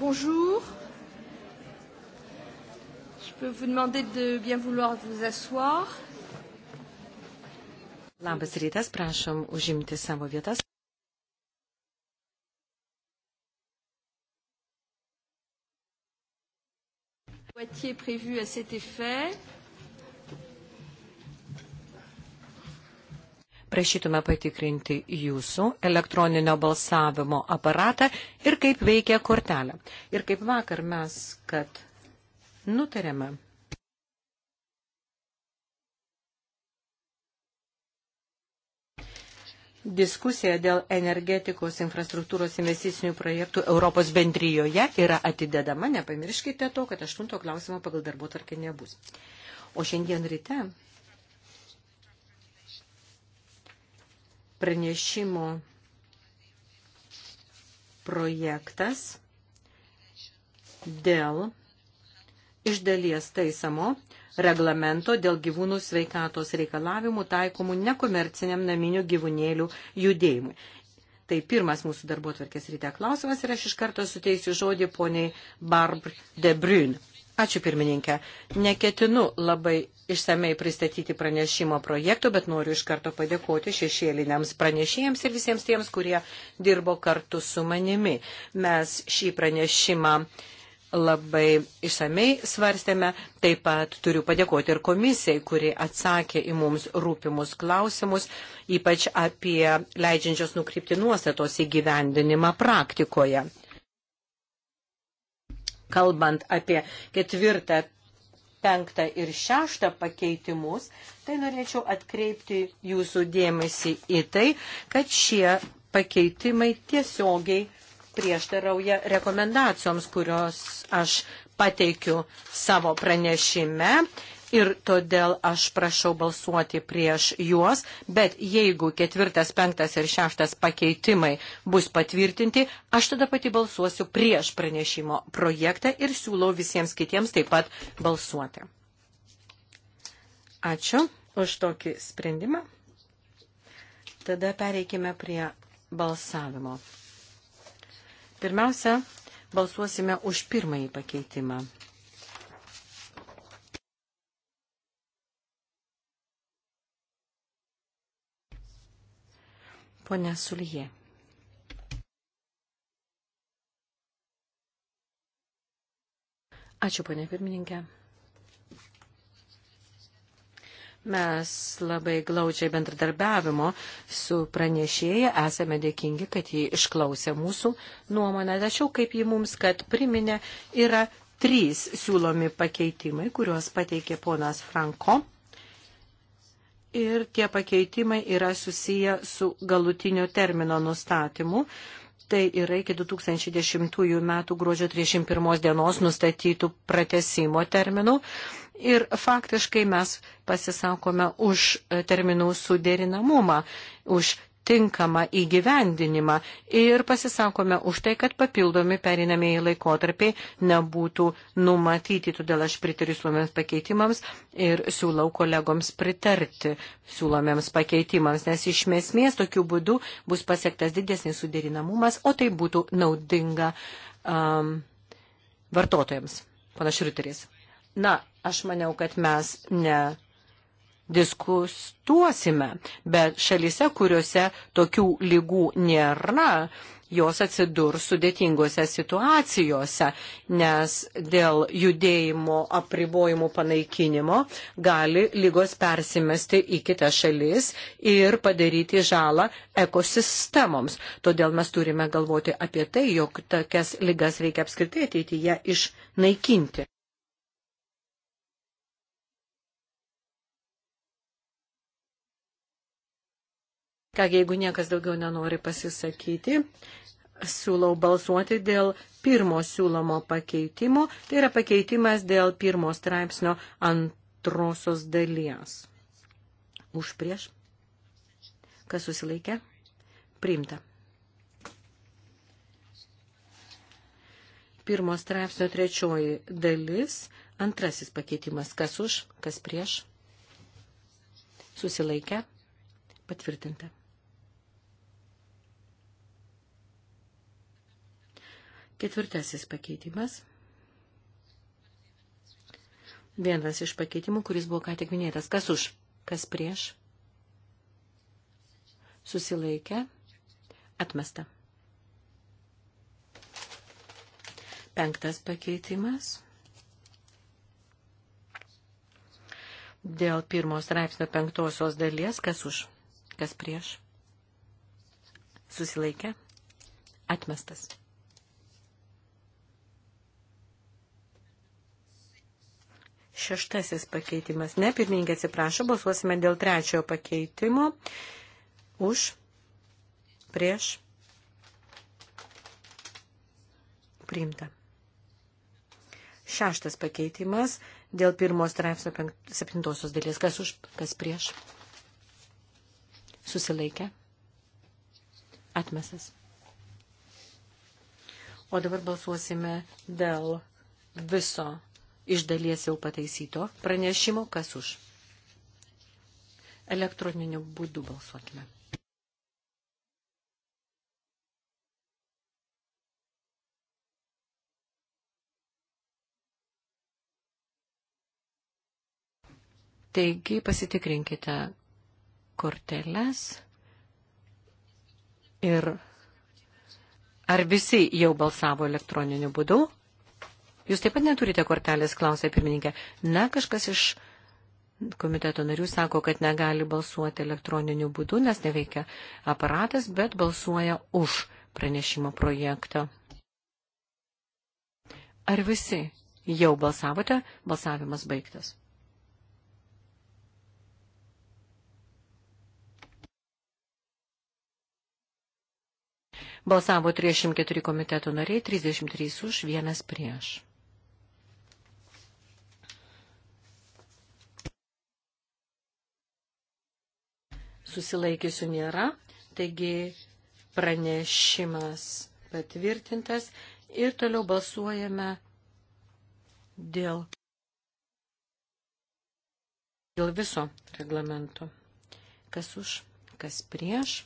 Bonjour. Je peux vous demander de bien vouloir vous asseoir. Labas rytas, prašom užimti savo vietas. Poitiers prévu à cet effet. prašytume patikrinti jūsų elektroninio balsavimo aparatą ir kaip veikia kortelė. Ir kaip vakar mes, kad nutarėme. Diskusija dėl energetikos infrastruktūros investicinių projektų Europos bendryjoje yra atidedama. Nepamirškite to, kad aštunto klausimo pagal darbo tarkė nebus. O šiandien ryte pranešimo projektas dėl iš dalies taisamo reglamento dėl gyvūnų sveikatos reikalavimų taikomų nekomerciniam naminių gyvūnėlių judėjimui. Tai pirmas mūsų darbo tvarkės ryte klausimas ir aš iš karto suteisiu žodį poniai Barb de Bruyne. Ačiū pirmininkė. Neketinu labai išsamei pristatyti pranešimo projektų, bet noriu iš karto padėkoti šešėliniams pranešėjams ir visiems tiems, kurie dirbo kartu su manimi. Mes šį pranešimą labai išsamei svarstėme. Taip pat turiu padėkoti ir komisijai, kuri atsakė į mums rūpimus klausimus, ypač apie leidžiančios nukrypti nuostatos įgyvendinimą praktikoje kalbant apie ketvirtą, penktą ir šeštą pakeitimus, tai norėčiau atkreipti jūsų dėmesį į tai, kad šie pakeitimai tiesiogiai prieštarauja rekomendacijoms, kurios aš pateikiu savo pranešime ir todėl aš prašau balsuoti prieš juos, bet jeigu ketvirtas, penktas ir šeštas pakeitimai bus patvirtinti, aš tada pati balsuosiu prieš pranešimo projektą ir siūlau visiems kitiems taip pat balsuoti. Ačiū už tokį sprendimą. Tada pereikime prie balsavimo. Pirmiausia, balsuosime už pirmąjį pakeitimą. Pone Sulyje. Ačiū, ponė pirmininkė. Mes labai glaučiai bendradarbiavimo su pranešėja esame dėkingi, kad jį išklausė mūsų nuomonę, tačiau kaip jį mums, kad priminė, yra trys siūlomi pakeitimai, kuriuos pateikė ponas Franko ir tie pakeitimai yra susiję su galutiniu termino nustatymu. Tai yra iki 2010 metų gruodžio 31 dienos nustatytų pratesimo terminų. Ir faktiškai mes pasisakome už terminų suderinamumą, už tinkamą įgyvendinimą ir pasisakome už tai, kad papildomi perinamieji laikotarpiai nebūtų numatyti. Todėl aš pritariu siūlomiems pakeitimams ir siūlau kolegoms pritarti siūlomiems pakeitimams, nes iš esmės tokiu būdu bus pasiektas didesnis suderinamumas, o tai būtų naudinga um, vartotojams. Panašiai ryteris. Na, aš maniau, kad mes ne diskustuosime, bet šalise, kuriuose tokių lygų nėra, jos atsidurs sudėtingose situacijose, nes dėl judėjimo apribojimų panaikinimo gali lygos persimesti į kitas šalis ir padaryti žalą ekosistemoms. Todėl mes turime galvoti apie tai, jog tokias lygas reikia apskritai ateityje išnaikinti. Kągi, jeigu niekas daugiau nenori pasisakyti, siūlau balsuoti dėl pirmo siūlomo pakeitimo. Tai yra pakeitimas dėl pirmo straipsnio antrosios dalies. Už prieš. Kas susilaikė? Priimta. Pirmo straipsnio trečioji dalis. Antrasis pakeitimas. Kas už, kas prieš. Susilaikė. Patvirtinta. Ketvirtasis pakeitimas. Vienas iš pakeitimų, kuris buvo ką tik minėtas. Kas už? Kas prieš? Susilaikę. Atmesta. Penktas pakeitimas. Dėl pirmos straipsnio penktosios dalies, kas už, kas prieš, susilaikė, atmestas. Šeštasis pakeitimas. Ne, pirmininkė atsiprašo, balsuosime dėl trečiojo pakeitimo. Už, prieš, priimta. Šeštas pakeitimas dėl pirmos straipsnio septintosios dalies. Kas už, kas prieš? Susilaikė. Atmesas. O dabar balsuosime dėl viso iš dalies jau pataisyto pranešimo, kas už. Elektroniniu būdu balsuokime. Taigi pasitikrinkite korteles ir ar visi jau balsavo elektroniniu būdu? Jūs taip pat neturite kortelės, klausė pirmininkė. Na, kažkas iš komiteto narių sako, kad negali balsuoti elektroniniu būdu, nes neveikia aparatas, bet balsuoja už pranešimo projektą. Ar visi jau balsavote? Balsavimas baigtas. Balsavo 304 komiteto nariai, 33 už, 1 prieš. susilaikysiu nėra, taigi pranešimas patvirtintas ir toliau balsuojame dėl, dėl viso reglamento. Kas už, kas prieš.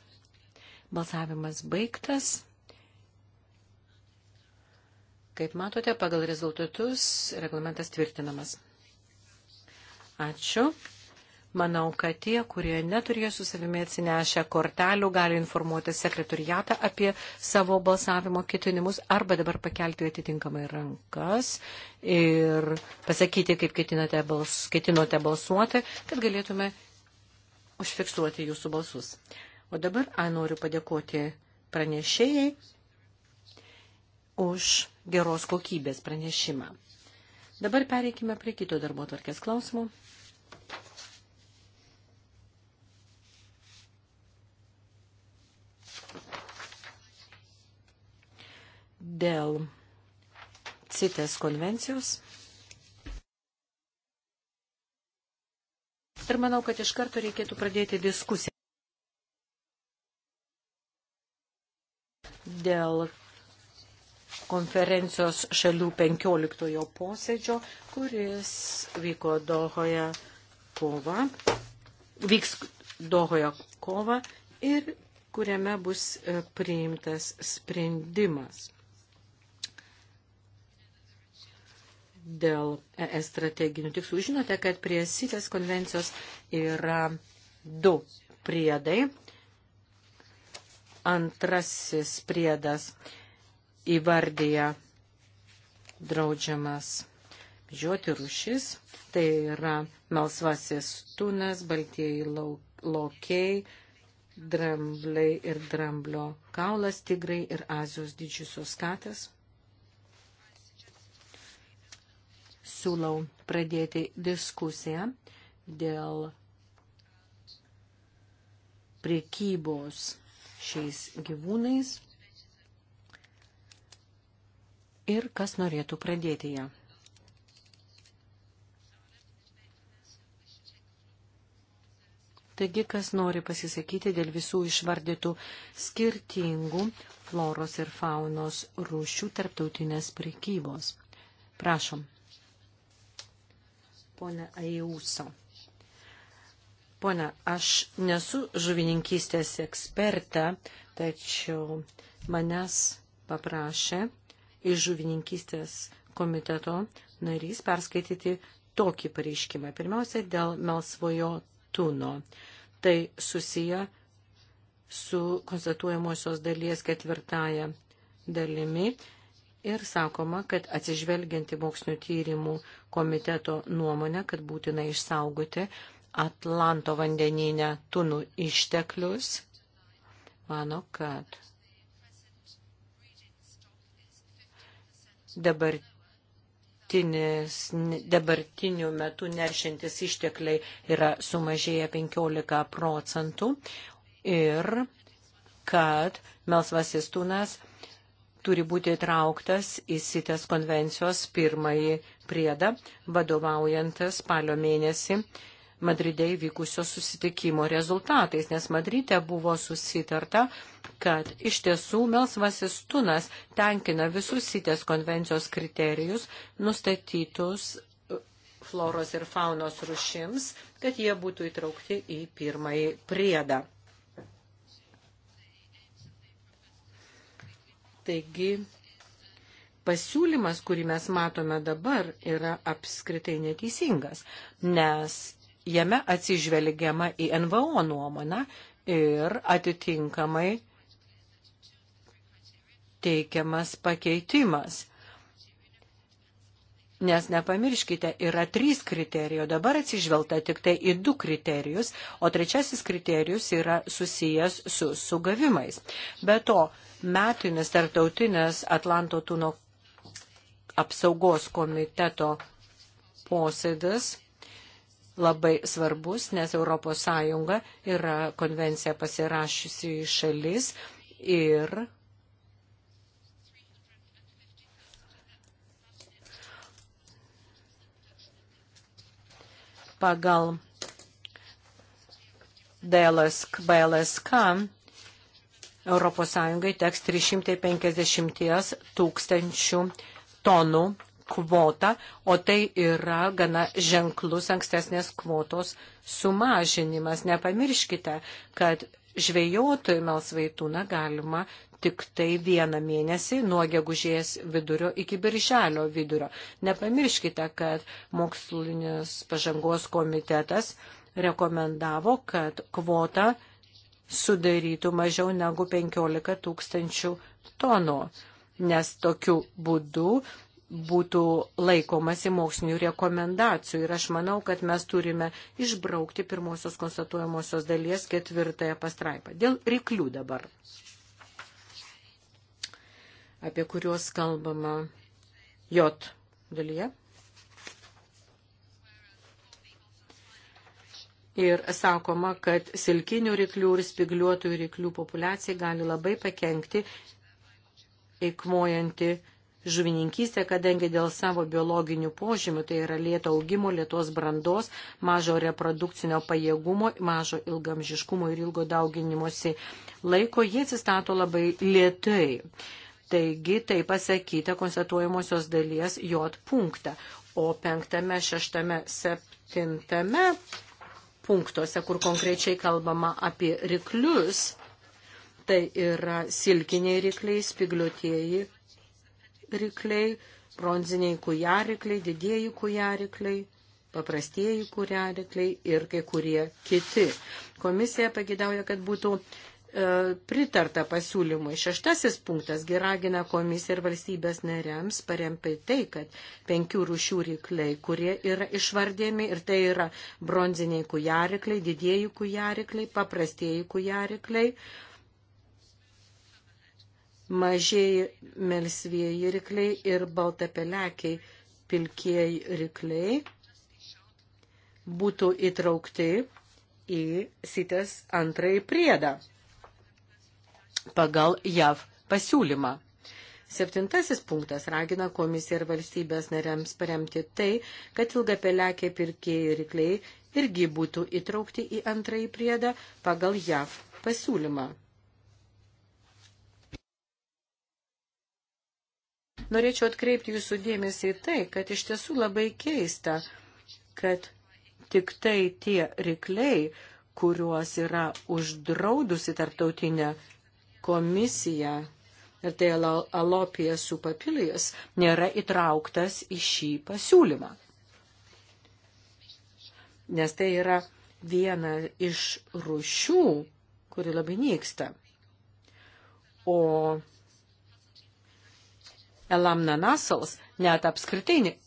Balsavimas baigtas. Kaip matote, pagal rezultatus reglamentas tvirtinamas. Ačiū. Manau, kad tie, kurie neturėjo su savimi atsinešę kortelių, gali informuoti sekretariatą apie savo balsavimo ketinimus arba dabar pakelti atitinkamai rankas ir pasakyti, kaip ketinate bals, ketinote balsuoti, kad galėtume užfiksuoti jūsų balsus. O dabar a, noriu padėkoti pranešėjai už geros kokybės pranešimą. Dabar pereikime prie kito darbo tvarkės klausimų. dėl CITES konvencijos. Ir manau, kad iš karto reikėtų pradėti diskusiją dėl konferencijos šalių 15 posėdžio, kuris vyko Dohoje kova, vyks Dohoje kova ir kuriame bus e, priimtas sprendimas. dėl ES strateginių tikslų. Žinote, kad prie sitės konvencijos yra du priedai. Antrasis priedas įvardyja draudžiamas žiūrėti rušis, tai yra melsvasis tunas, baltieji laukiai, drambliai ir dramblio kaulas, tigrai ir azijos didžiusios katės. siūlau pradėti diskusiją dėl priekybos šiais gyvūnais ir kas norėtų pradėti ją. Taigi, kas nori pasisakyti dėl visų išvardytų skirtingų floros ir faunos rūšių tarptautinės prekybos. Prašom ponę Ajūso. Pone, aš nesu žuvininkystės ekspertė, tačiau manęs paprašė iš žuvininkystės komiteto narys perskaityti tokį pareiškimą. Pirmiausia, dėl melsvojo tuno. Tai susiję su konstatuojamosios dalies ketvirtąją dalimi Ir sakoma, kad atsižvelgianti mokslinio tyrimų komiteto nuomonę, kad būtina išsaugoti Atlanto vandeninę tunų išteklius, mano, kad dabartiniu metu neršintis ištekliai yra sumažėję 15 procentų ir kad melsvasis tunas turi būti įtrauktas į sitės konvencijos pirmąjį priedą, vadovaujantis spalio mėnesį Madride įvykusio susitikimo rezultatais, nes Madride buvo susitarta, kad iš tiesų melsvasis tunas tenkina visus sitės konvencijos kriterijus nustatytus e, floros ir faunos rušims, kad jie būtų įtraukti į pirmąjį priedą. Taigi pasiūlymas, kurį mes matome dabar, yra apskritai neteisingas, nes jame atsižvelgiama į NVO nuomonę ir atitinkamai teikiamas pakeitimas. Nes nepamirškite, yra trys kriterijų, dabar atsižvelgta tik tai į du kriterijus, o trečiasis kriterijus yra susijęs su sugavimais. Be to, metinis tarptautinis Atlanto tūno apsaugos komiteto posėdis labai svarbus, nes ES yra konvencija pasirašysi šalis ir pagal DLSK, BLSK ES teks 350 tūkstančių tonų kvotą, o tai yra gana ženklus ankstesnės kvotos sumažinimas. Nepamirškite, kad žvejotui melsvaitūną galima tik tai vieną mėnesį nuo gegužės vidurio iki birželio vidurio. Nepamirškite, kad mokslinis pažangos komitetas rekomendavo, kad kvota sudarytų mažiau negu 15 tūkstančių tonų, nes tokiu būdu būtų laikomasi mokslinių rekomendacijų. Ir aš manau, kad mes turime išbraukti pirmosios konstatuojamosios dalies ketvirtąją pastraipą. Dėl ryklių dabar, apie kuriuos kalbama J dalyje. ir sakoma, kad silkinių ryklių ir spigliuotų ryklių populiacijai gali labai pakengti eikmojanti žuvininkystė, kadangi dėl savo biologinių požymių, tai yra lėto augimo, lėtos brandos, mažo reprodukcinio pajėgumo, mažo ilgamžiškumo ir ilgo dauginimosi laiko, jie atsistato labai lėtai. Taigi, tai pasakyta konstatuojamosios dalies J punktą. O penktame, šeštame, septintame punktuose, kur konkrečiai kalbama apie ryklius, tai yra silkiniai rykliai, spigliotieji rykliai, bronziniai kujarikliai, didieji kujarikliai, paprastieji kujarikliai ir kai kurie kiti. Komisija pagidauja, kad būtų E, pritarta pasiūlymui. Šeštasis punktas geragina komisiją ir valstybės nerems parempi tai, kad penkių rūšių rykliai, kurie yra išvardėmi ir tai yra bronziniai kujarikliai, didieji kujarikliai, paprastieji kujarikliai, mažieji melsvieji rykliai ir baltapelekiai pilkieji rykliai būtų įtraukti į sitės antrąjį priedą pagal JAV pasiūlymą. Septintasis punktas ragina komisiją ir valstybės nariams paremti tai, kad ilgapelekiai pirkėjai ir rykliai irgi būtų įtraukti į antrąjį priedą pagal JAV pasiūlymą. Norėčiau atkreipti jūsų dėmesį į tai, kad iš tiesų labai keista, kad tik tai tie rykliai, kuriuos yra uždraudusi tarptautinė komisija ir tai alopijas su papilijas nėra įtrauktas į šį pasiūlymą. Nes tai yra viena iš rušių, kuri labai nyksta. O elamna nasals net apskritai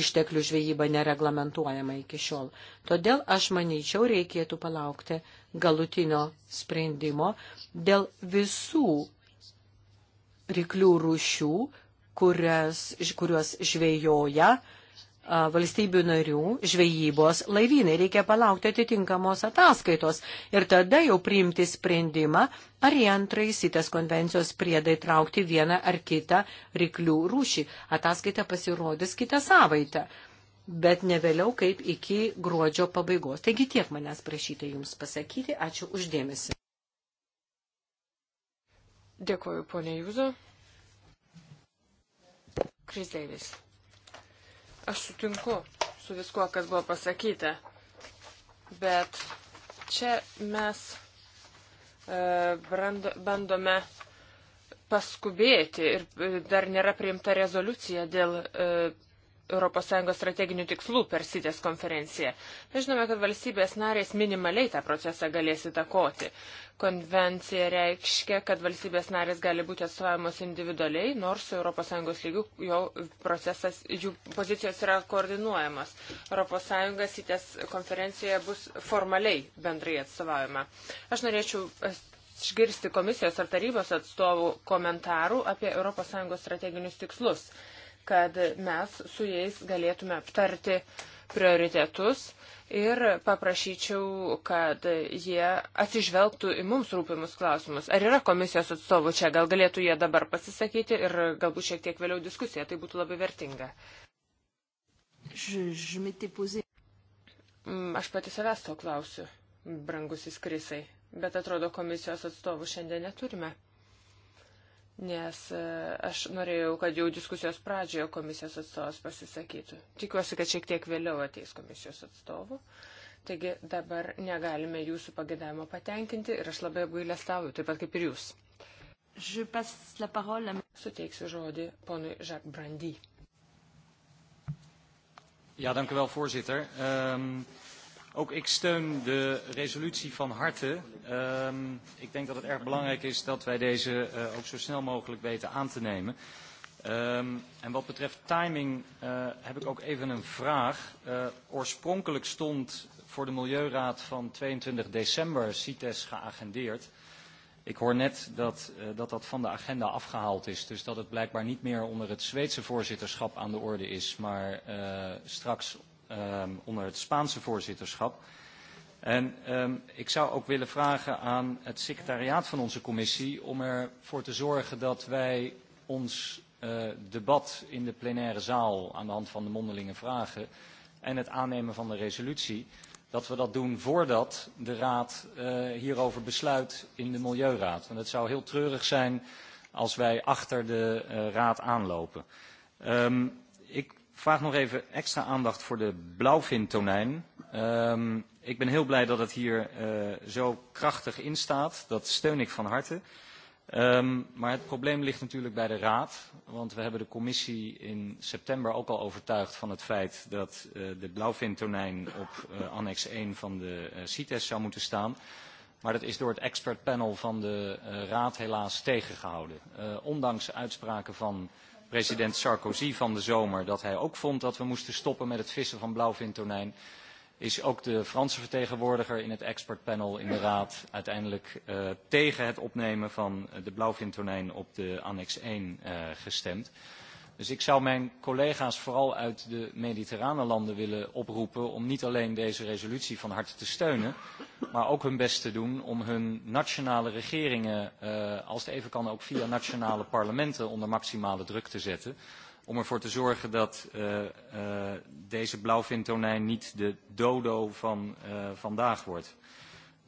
išteklių žvejyba nereglamentuojama iki šiol. Todėl aš manyčiau reikėtų palaukti galutinio sprendimo dėl visų ryklių rūšių, kurias, kuriuos žvejoja valstybių narių žvejybos laivynai. Reikia palaukti atitinkamos ataskaitos ir tada jau priimti sprendimą, ar į antrąjį sitas konvencijos priedai traukti vieną ar kitą ryklių rūšį. Ataskaita pasirodys kitą savaitę bet ne vėliau kaip iki gruodžio pabaigos. Taigi tiek manęs prašyta Jums pasakyti. Ačiū uždėmesi. Dėkuoju, ponė Jūzo. Krizdeivis. Aš sutinku su viskuo, kas buvo pasakyta, bet čia mes e, brando, bandome paskubėti ir dar nėra priimta rezoliucija dėl e, ES strateginių tikslų per sitės konferenciją. Mes žinome, kad valstybės narės minimaliai tą procesą galės įtakoti. Konvencija reiškia, kad valstybės narės gali būti atstovavimas individualiai, nors ES lygių jo procesas, jų pozicijos yra koordinuojamas. ES sitės konferencijoje bus formaliai bendrai atstovavima. Aš norėčiau išgirsti komisijos ar tarybos atstovų komentarų apie ES strateginius tikslus kad mes su jais galėtume aptarti prioritetus ir paprašyčiau, kad jie atsižvelgtų į mums rūpimus klausimus. Ar yra komisijos atstovų čia? Gal galėtų jie dabar pasisakyti ir galbūt šiek tiek vėliau diskusija, tai būtų labai vertinga. Mm, aš pati savęs to klausiu, brangusis Krisai, bet atrodo komisijos atstovų šiandien neturime nes e, aš norėjau, kad jau diskusijos pradžioje komisijos atstovas pasisakytų. Tikiuosi, kad šiek tiek vėliau ateis komisijos atstovų. Taigi dabar negalime jūsų pagėdavimo patenkinti ir aš labai apgailę stauju, taip pat kaip ir jūs. Suteiksiu žodį ponui Jacques Brandy. Ja, dank u wel, voorzitter. Um, uh... Ook ik steun de resolutie van harte. Um, ik denk dat het erg belangrijk is dat wij deze uh, ook zo snel mogelijk weten aan te nemen. Um, en wat betreft timing uh, heb ik ook even een vraag. Uh, oorspronkelijk stond voor de Milieuraad van 22 december CITES geagendeerd. Ik hoor net dat, uh, dat dat van de agenda afgehaald is, dus dat het blijkbaar niet meer onder het Zweedse voorzitterschap aan de orde is, maar uh, straks um, onder het Spaanse voorzitterschap. En um, ik zou ook willen vragen aan het secretariaat van onze commissie om ervoor te zorgen dat wij ons uh, debat in de plenaire zaal aan de hand van de mondelinge vragen en het aannemen van de resolutie, dat we dat doen voordat de Raad uh, hierover besluit in de Milieuraad. Want het zou heel treurig zijn als wij achter de uh, Raad aanlopen. Um, vraag nog even extra aandacht voor de blauwvintonijn. Um, ik ben heel blij dat het hier uh, zo krachtig in staat. Dat steun ik van harte. Um, maar het probleem ligt natuurlijk bij de Raad. Want we hebben de commissie in september ook al overtuigd van het feit dat uh, de blauwvintonijn op uh, annex 1 van de uh, CITES zou moeten staan. Maar dat is door het expertpanel van de uh, Raad helaas tegengehouden. Uh, ondanks uitspraken van uh, president Sarkozy van de zomer dat hij ook vond dat we moesten stoppen met het vissen van blauwvintonijn, is ook de Franse vertegenwoordiger in het expertpanel in de Raad uiteindelijk uh, tegen het opnemen van de blauwvintonijn op de annex 1 uh, eh, gestemd. Uh, Dus ik zou mijn collega's vooral uit de mediterrane landen willen oproepen om niet alleen deze resolutie van harte te steunen, maar ook hun best te doen om hun nationale regeringen, eh, als het even kan ook via nationale parlementen, onder maximale druk te zetten. Om ervoor te zorgen dat uh, eh, uh, eh, deze blauwvintonijn niet de dodo van uh, vandaag wordt.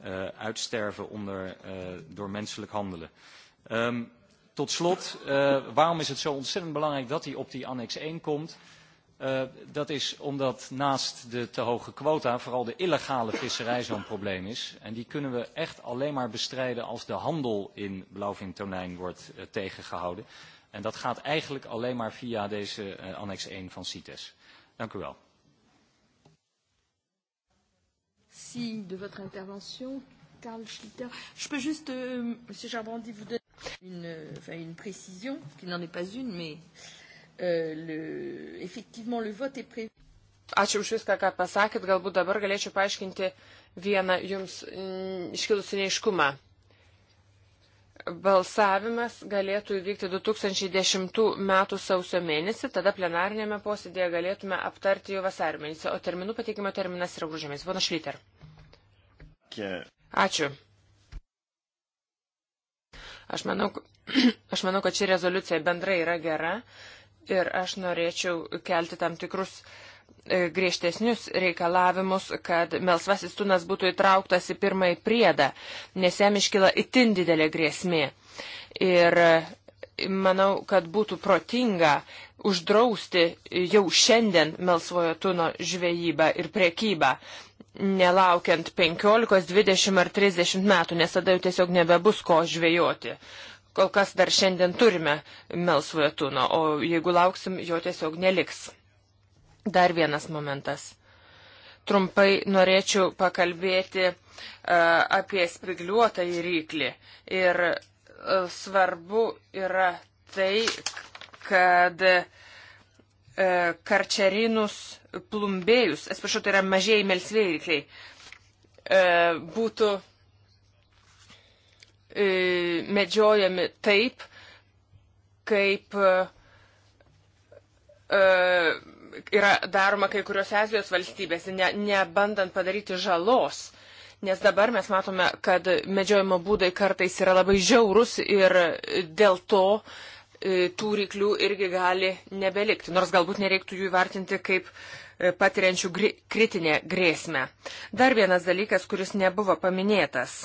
Uh, uitsterven onder, uh, door menselijk handelen. Um, Tot slot, uh, waarom is het zo ontzettend belangrijk dat hij op die annex 1 komt? Uh, dat is omdat naast de te hoge quota vooral de illegale visserij zo'n probleem is. En die kunnen we echt alleen maar bestrijden als de handel in blauwvintonijn wordt uh, tegengehouden. En dat gaat eigenlijk alleen maar via deze uh, annex 1 van CITES. Dank u wel. Merci de votre intervention. Karl Schlitter. Je peux juste, euh, Monsieur Charbandi, vous donner une, enfin, une précision, qui n'en est pas une, mais euh, le, effectivement, le vote est prévu. Ačiū už viską, ką pasakėt. Galbūt dabar galėčiau paaiškinti vieną jums mm, iškilusi neiškumą. Balsavimas galėtų įvykti 2010 m. sausio mėnesį, tada plenarinėme posėdėje galėtume aptarti jau vasarį mėnesį, o terminų pateikimo terminas yra gružėmės. Pana Šlyter. Ačiū. Aš manau, aš manau, kad ši rezoliucija bendrai yra gera ir aš norėčiau kelti tam tikrus e, griežtesnius reikalavimus, kad melsvasis tunas būtų įtrauktas į pirmąjį priedą, nes jam iškyla itin didelė grėsmė. Ir e, manau, kad būtų protinga uždrausti jau šiandien melsvojo tuno žvejybą ir priekybą, nelaukiant 15, 20 ar 30 metų, nes tada jau tiesiog nebebus ko žvejoti. Kol kas dar šiandien turime melsvojo tūno, o jeigu lauksim, jo tiesiog neliks. Dar vienas momentas. Trumpai norėčiau pakalbėti uh, apie spigliuotą įryklį. Ir uh, svarbu yra tai, kad uh, E, karčerinus plumbėjus, atsiprašau, tai yra mažieji melsvėjikliai, e, būtų e, medžiojami taip, kaip yra daroma kai kuriuose Azijos valstybėse, ne, nebandant padaryti žalos. Nes dabar mes matome, kad medžiojimo būdai kartais yra labai žiaurus ir dėl to uh, E, tų ryklių irgi gali nebelikti, nors galbūt nereiktų jų įvertinti kaip e, patiriančių gri kritinę grėsmę. Dar vienas dalykas, kuris nebuvo paminėtas.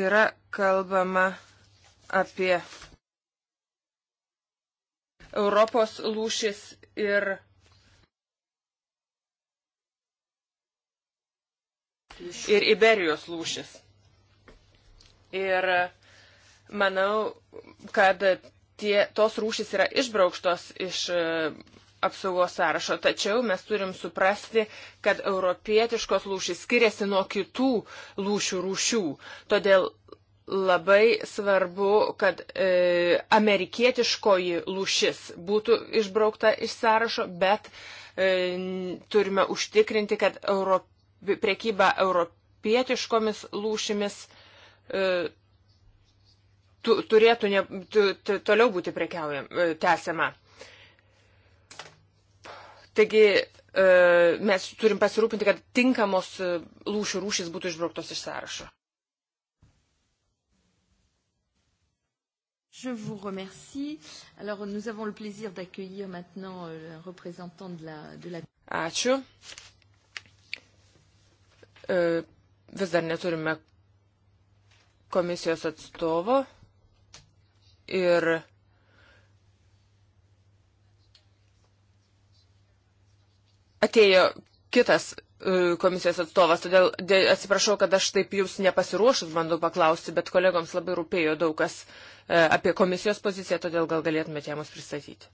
Yra kalbama apie Europos lūšis ir Ir Iberijos lūšis. Ir manau, kad tie, tos rūšys yra išbraukštos iš e, apsaugos sąrašo. Tačiau mes turim suprasti, kad europietiškos lūšys skiriasi nuo kitų lūšių rūšių. Todėl labai svarbu, kad e, amerikietiškoji lūšis būtų išbraukta iš sąrašo, bet e, turime užtikrinti, kad Euro, priekyba europietiškomis lūšimis E, tu, turėtų ne, tu, tu, toliau būti prekiaujama, e, tęsiama. Taigi e, mes turim pasirūpinti, kad tinkamos lūšių rūšys būtų išbrauktos iš sąrašo. Je vous remercie. Alors, nous avons le plaisir d'accueillir maintenant un euh, représentant de la... De la... Ačiū. Vis dar neturime komisijos atstovo ir atėjo kitas e, komisijos atstovas, todėl atsiprašau, kad aš taip jūs nepasiruošus bandau paklausti, bet kolegoms labai rūpėjo daug kas e, apie komisijos poziciją, todėl gal galėtumėte ją mums pristatyti.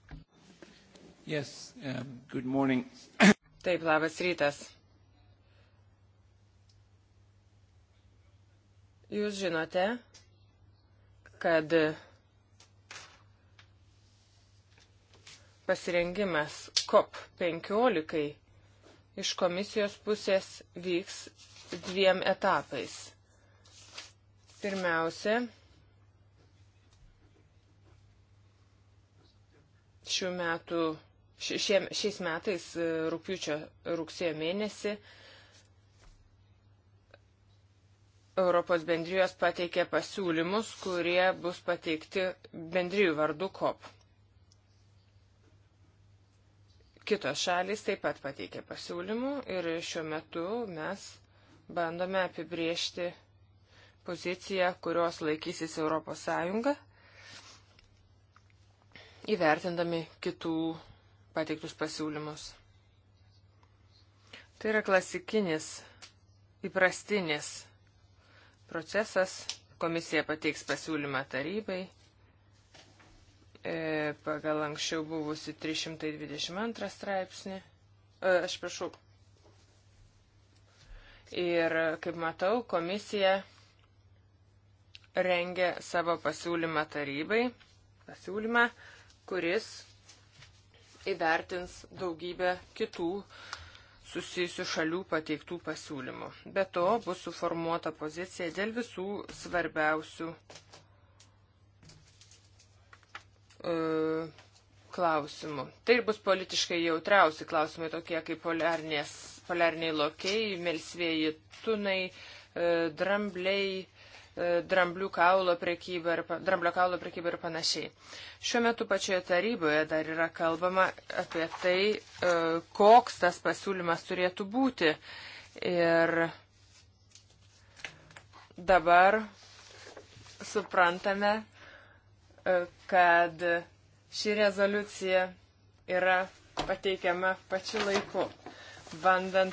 Yes, um, Taip, labas rytas. Jūs žinote, kad pasirengimas COP15 iš komisijos pusės vyks dviem etapais. Pirmiausia, šių metų, šie, šiais metais e, rūpiučio rugsėjo mėnesį Europos bendrijos pateikė pasiūlymus, kurie bus pateikti bendrijų vardu COP. Kitos šalis taip pat pateikė pasiūlymų ir šiuo metu mes bandome apibriežti poziciją, kurios laikysis Europos Sąjunga, įvertindami kitų pateiktus pasiūlymus. Tai yra klasikinis, įprastinis procesas. Komisija pateiks pasiūlymą tarybai e, pagal anksčiau buvusi 322 straipsnį. E, aš prašau. Ir kaip matau, komisija rengia savo pasiūlymą tarybai, pasiūlymą, kuris įvertins daugybę kitų uh, susijusių šalių pateiktų pasiūlymų. Be to bus suformuota pozicija dėl visų svarbiausių e, klausimų. Tai ir bus politiškai jautriausi klausimai tokie kaip polarniai lokiai, melsvėjai tunai, e, drambliai, E, dramblių kaulo prekybą ir, dramblio kaulo prekybą ir panašiai. Šiuo metu pačioje taryboje dar yra kalbama apie tai, e, koks tas pasiūlymas turėtų būti. Ir dabar suprantame, e, kad ši rezoliucija yra pateikiama pačiu laiku, bandant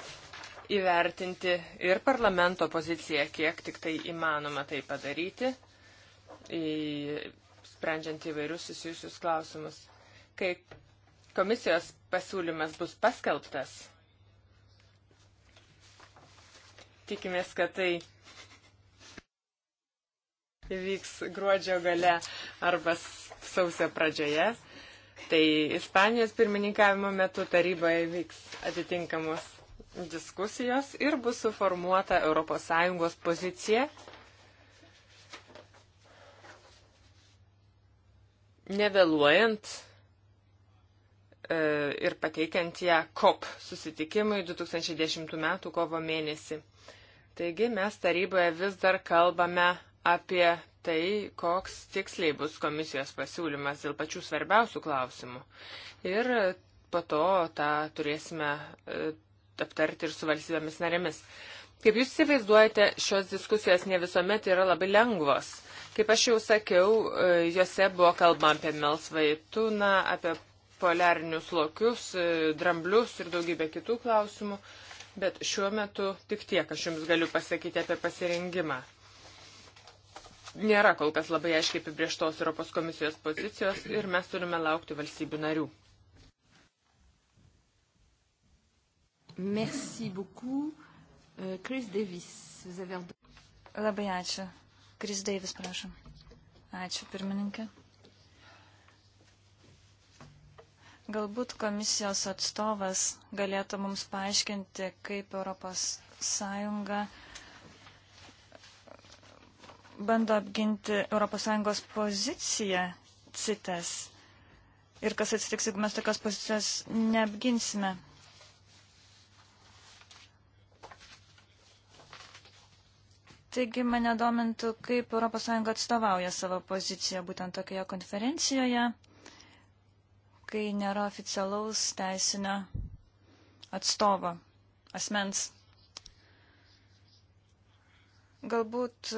įvertinti ir parlamento poziciją, kiek tik tai įmanoma tai padaryti, sprendžiant įvairius susijusius klausimus. Kai komisijos pasiūlymas bus paskelbtas, tikimės, kad tai įvyks gruodžio gale arba sausio pradžioje. Tai Ispanijos pirmininkavimo metu taryboje vyks atitinkamos diskusijos ir bus suformuota ES pozicija. Nevėluojant e, ir pateikiant ją COP susitikimui 2010 m. kovo mėnesį. Taigi mes taryboje vis dar kalbame apie tai, koks tiksliai bus komisijos pasiūlymas dėl pačių svarbiausių klausimų. Ir po to tą turėsime e, aptarti ir su valstybėmis narėmis. Kaip jūs įsivaizduojate, šios diskusijos ne visuomet yra labai lengvos. Kaip aš jau sakiau, e, juose buvo kalbama apie melsvai tuną, apie poliarinius lokius, e, dramblius ir daugybę kitų klausimų, bet šiuo metu tik tiek aš jums galiu pasakyti apie pasirengimą. Nėra kol kas labai aiškiai apibrieštos Europos komisijos pozicijos ir mes turime laukti valstybių narių. Merci beaucoup. Euh, Chris Davis, vous avez... Labai ačiū. Chris Davis, prašom. Ačiū, pirmininkė. Galbūt komisijos atstovas galėtų mums paaiškinti, kaip Europos Sąjunga bando apginti Europos Sąjungos poziciją CITES. Ir kas atsitiks, jeigu mes tokios pozicijos neapginsime. Taigi mane domintų, kaip ES atstovauja savo poziciją būtent tokioje konferencijoje, kai nėra oficialaus teisinio atstovo asmens. Galbūt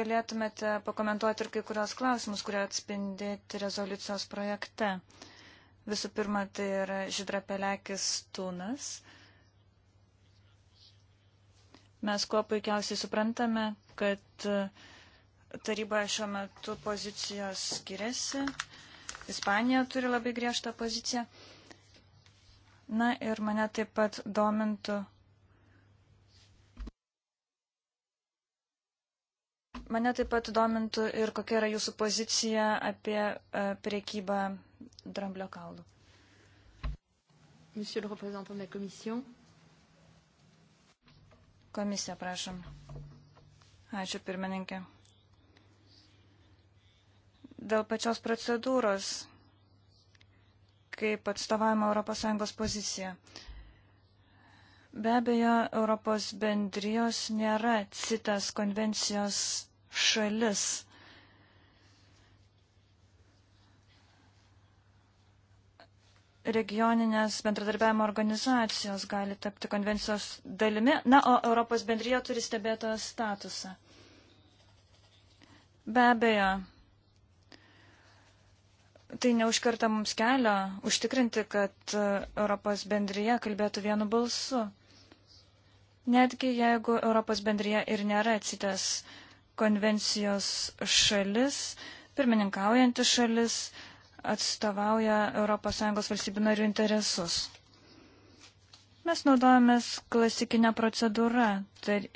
galėtumėte pakomentuoti ir kai kurios klausimus, kurie atspindėti rezoliucijos projekte. Visų pirma, tai yra Židrapelekis Tūnas. Mes kuo puikiausiai suprantame, kad e, taryboje šiuo metu pozicijos skiriasi. Ispanija turi labai griežtą poziciją. Na ir mane taip pat domintų. Mane taip pat domintų ir kokia yra jūsų pozicija apie e, priekybą dramblio kaulų. Monsieur le représentant de la Commission. Komisija, prašom. Ačiū, pirmininkė. Dėl pačios procedūros, kaip atstovavimo ES pozicija. Be abejo, Europos bendrijos nėra citas konvencijos šalis. regioninės bendradarbiavimo organizacijos gali tapti konvencijos dalimi, na, o Europos bendryje turi stebėtojo statusą. Be abejo, tai neužkerta mums kelio užtikrinti, kad Europos bendryje kalbėtų vienu balsu. Netgi jeigu Europos bendryje ir nėra atsitęs konvencijos šalis, pirmininkaujanti šalis, atstovauja ES valstybių narių interesus. Mes naudojamės klasikinę procedūrą. Tar...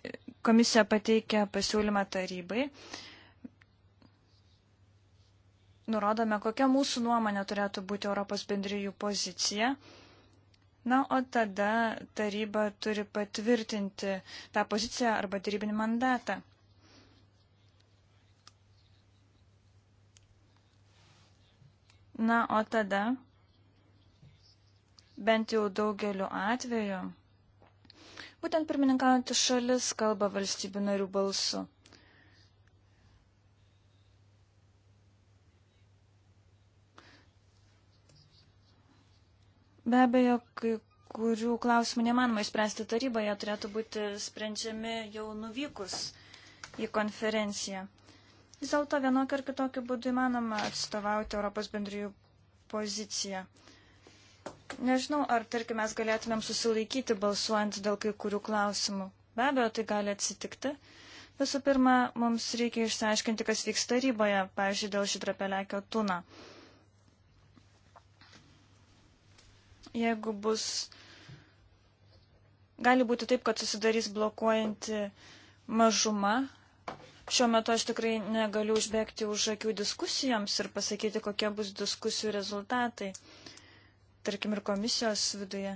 Komisija pateikia pasiūlymą tarybai. Nurodome, kokia mūsų nuomonė turėtų būti Europos bendrijų pozicija. Na, o tada taryba turi patvirtinti tą poziciją arba tarybinį mandatą. Na, o tada, bent jau daugeliu atveju, būtent pirmininkaujantis šalis kalba valstybių narių balsu. Be abejo, kai kurių klausimų nemanoma išspręsti taryboje, turėtų būti sprendžiami jau nuvykus į konferenciją. Vis dėlto vienokiu ar kitokiu būdu įmanoma atstovauti Europos bendrijų poziciją. Nežinau, ar tarkim mes galėtumėm susilaikyti balsuojant dėl kai kurių klausimų. Be abejo, tai gali atsitikti. Visų pirma, mums reikia išsiaiškinti, kas vyks taryboje, pavyzdžiui, dėl šitrapelekio tuna. Jeigu bus. Gali būti taip, kad susidarys blokuojanti mažuma Šiuo metu aš tikrai negaliu užbėgti už akių diskusijoms ir pasakyti, kokie bus diskusijų rezultatai, tarkim ir komisijos viduje.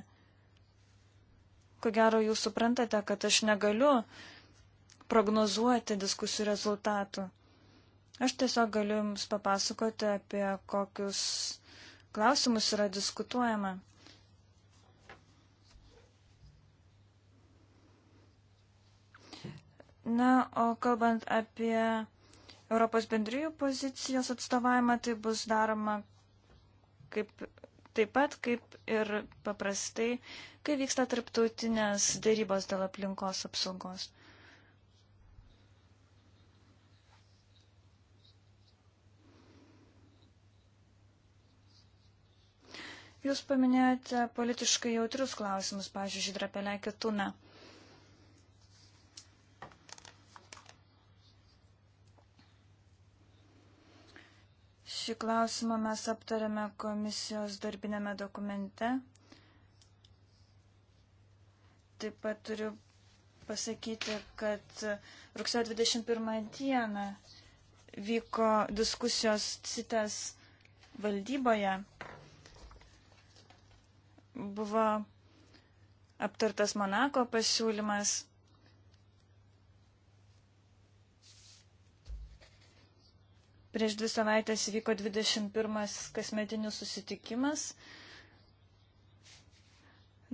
Ko gero, jūs suprantate, kad aš negaliu prognozuoti diskusijų rezultatų. Aš tiesiog galiu Jums papasakoti, apie kokius klausimus yra diskutuojama. Na, o kalbant apie Europos bendrijų pozicijos atstovavimą, tai bus daroma kaip, taip pat kaip ir paprastai, kai vyksta tarptautinės dėrybos dėl aplinkos apsaugos. Jūs paminėjote politiškai jautrius klausimus, pavyzdžiui, žydrapelę kitūną. Na Šį klausimą mes aptarėme komisijos darbinėme dokumente. Taip pat turiu pasakyti, kad rugsėjo 21 dieną vyko diskusijos CITES valdyboje. Buvo aptartas Monako pasiūlymas. Prieš dvi savaitės vyko 21 kasmetinis susitikimas.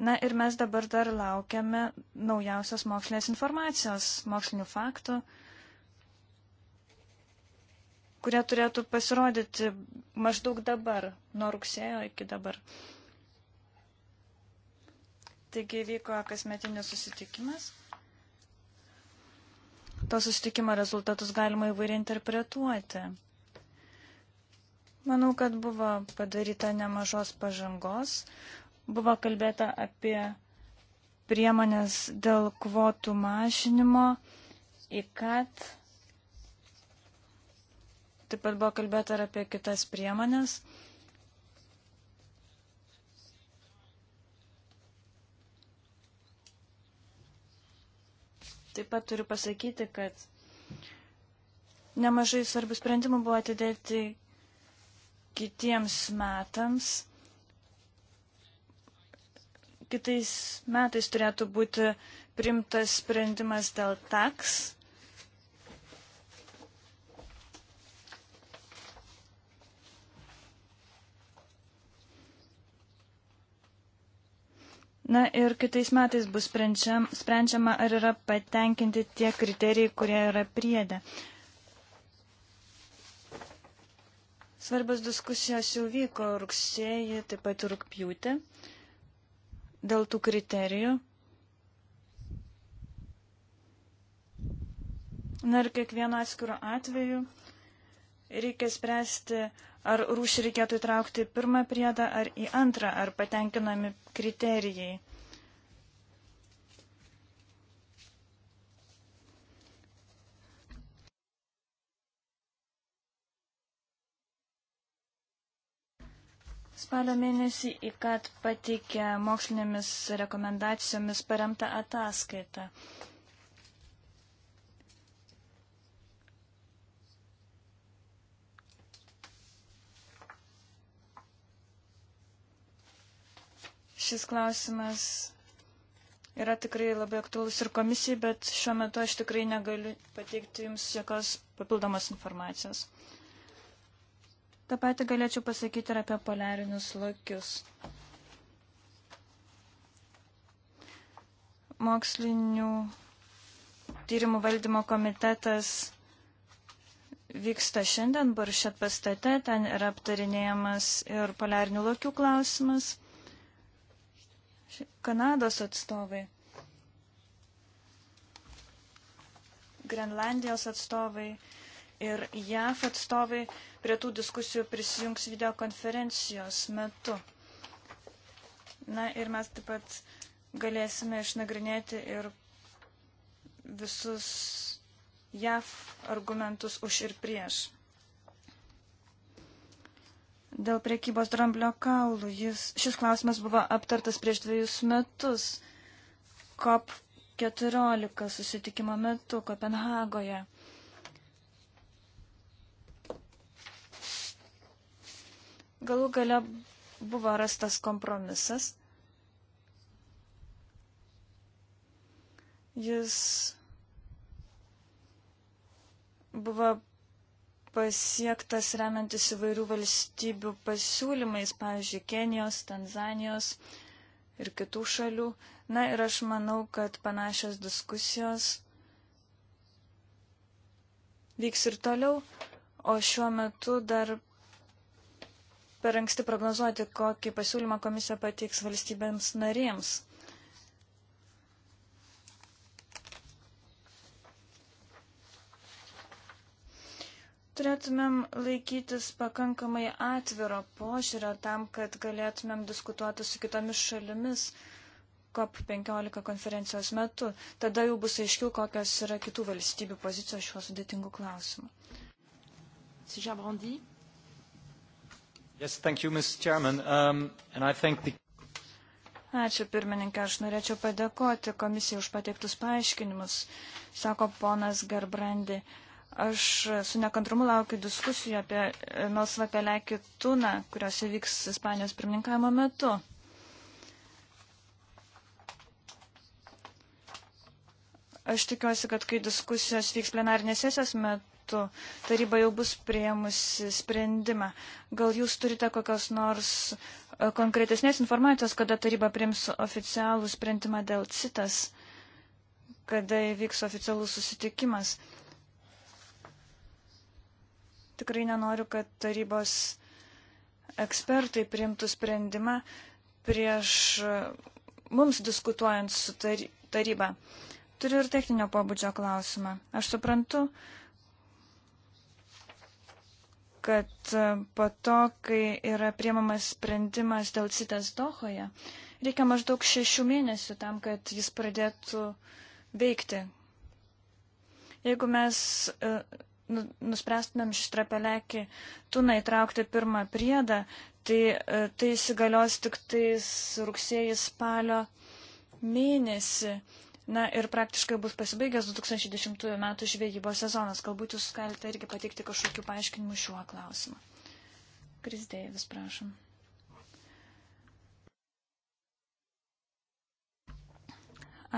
Na ir mes dabar dar laukiame naujausios mokslinės informacijos, mokslinių faktų, kurie turėtų pasirodyti maždaug dabar, nuo rugsėjo iki dabar. Taigi vyko kasmetinis susitikimas. To susitikimo rezultatus galima įvairiai interpretuoti. Manau, kad buvo padaryta nemažos pažangos. Buvo kalbėta apie priemonės dėl kvotų mažinimo, įkat. Taip pat buvo kalbėta ir apie kitas priemonės. Taip pat turiu pasakyti, kad nemažai svarbių sprendimų buvo atidėti kitiems metams. Kitais metais turėtų būti primtas sprendimas dėl taks. Na ir kitais metais bus sprendžiam, sprendžiama, ar yra patenkinti tie kriterijai, kurie yra priedė. Uh, Svarbios diskusijos jau vyko rugsėjį, taip pat ir rūpjūtį, dėl tų kriterijų. Na ir kiekvieno atskiro atveju reikia spręsti, ar rūšį reikėtų įtraukti į pirmą priedą ar į antrą, ar patenkinami kriterijai. spalio mėnesį į kad pateikė mokslinėmis rekomendacijomis paremta ataskaita. Šis klausimas yra tikrai labai aktuolus ir komisijai, bet šiuo metu aš tikrai negaliu pateikti Jums jokios papildomos informacijos. Ta pati galėčiau pasakyti ir apie poliarinius lokius. Mokslinių tyrimų valdymo komitetas vyksta šiandien Buršet pastate, ten yra aptarinėjamas ir poliarinių lokių klausimas. Kanados atstovai, Grenlandijos atstovai, ir JAF atstovai prie tų diskusijų prisijungs videokonferencijos metu. Na ir mes taip pat galėsime išnagrinėti ir visus JAF argumentus už ir prieš. Dėl priekybos dramblio kaulų jis, šis klausimas buvo aptartas prieš dviejus metus COP14 susitikimo metu Kopenhagoje. Galų gale buvo rastas kompromisas. Jis buvo pasiektas remiantis įvairių valstybių pasiūlymais, pavyzdžiui, Kenijos, Tanzanijos ir kitų šalių. Na ir aš manau, kad panašios diskusijos vyks ir toliau, o šiuo metu dar per anksti prognozuoti, kokį pasiūlymą komisija pateiks valstybėms narėms. Turėtumėm laikytis pakankamai atviro požiūrio tam, kad galėtumėm diskutuoti su kitomis šalimis COP15 konferencijos metu. Tada jau bus aiškiau, kokios yra kitų valstybių pozicijos šiuo sudėtingu klausimu. Si Yes, thank you, Ms. Chairman. Um, and I thank the... Ačiū pirmininkė, aš norėčiau padėkoti komisijai už pateiktus paaiškinimus, sako ponas Garbrandi. Aš su nekantrumu laukiu diskusijų apie e, melsvapelę kitūną, kurios įvyks Ispanijos pirmininkavimo metu. Aš tikiuosi, kad kai diskusijos vyks plenarinės sesijos metu, metų taryba jau bus prieimusi sprendimą. Gal jūs turite kokios nors e, konkretesnės informacijos, kada taryba priims oficialų sprendimą dėl citas, kada įvyks oficialus susitikimas. Tikrai nenoriu, kad tarybos ekspertai priimtų sprendimą prieš e, mums diskutuojant su taryba. Turiu ir techninio pobūdžio klausimą. Aš suprantu, kad e, po to, kai yra priemamas sprendimas dėl citas Dohoje, reikia maždaug šešių mėnesių tam, kad jis pradėtų veikti. Jeigu mes e, nu, nuspręstumėm šį strapelekį tuną įtraukti pirmą priedą, tai e, tai įsigalios tik tais rugsėjai spalio mėnesį. Na ir praktiškai bus pasibaigęs 2010 m. žvejybos sezonas. Galbūt jūs galite irgi pateikti kažkokių paaiškinimų šiuo klausimu. Krizdėvis, prašom.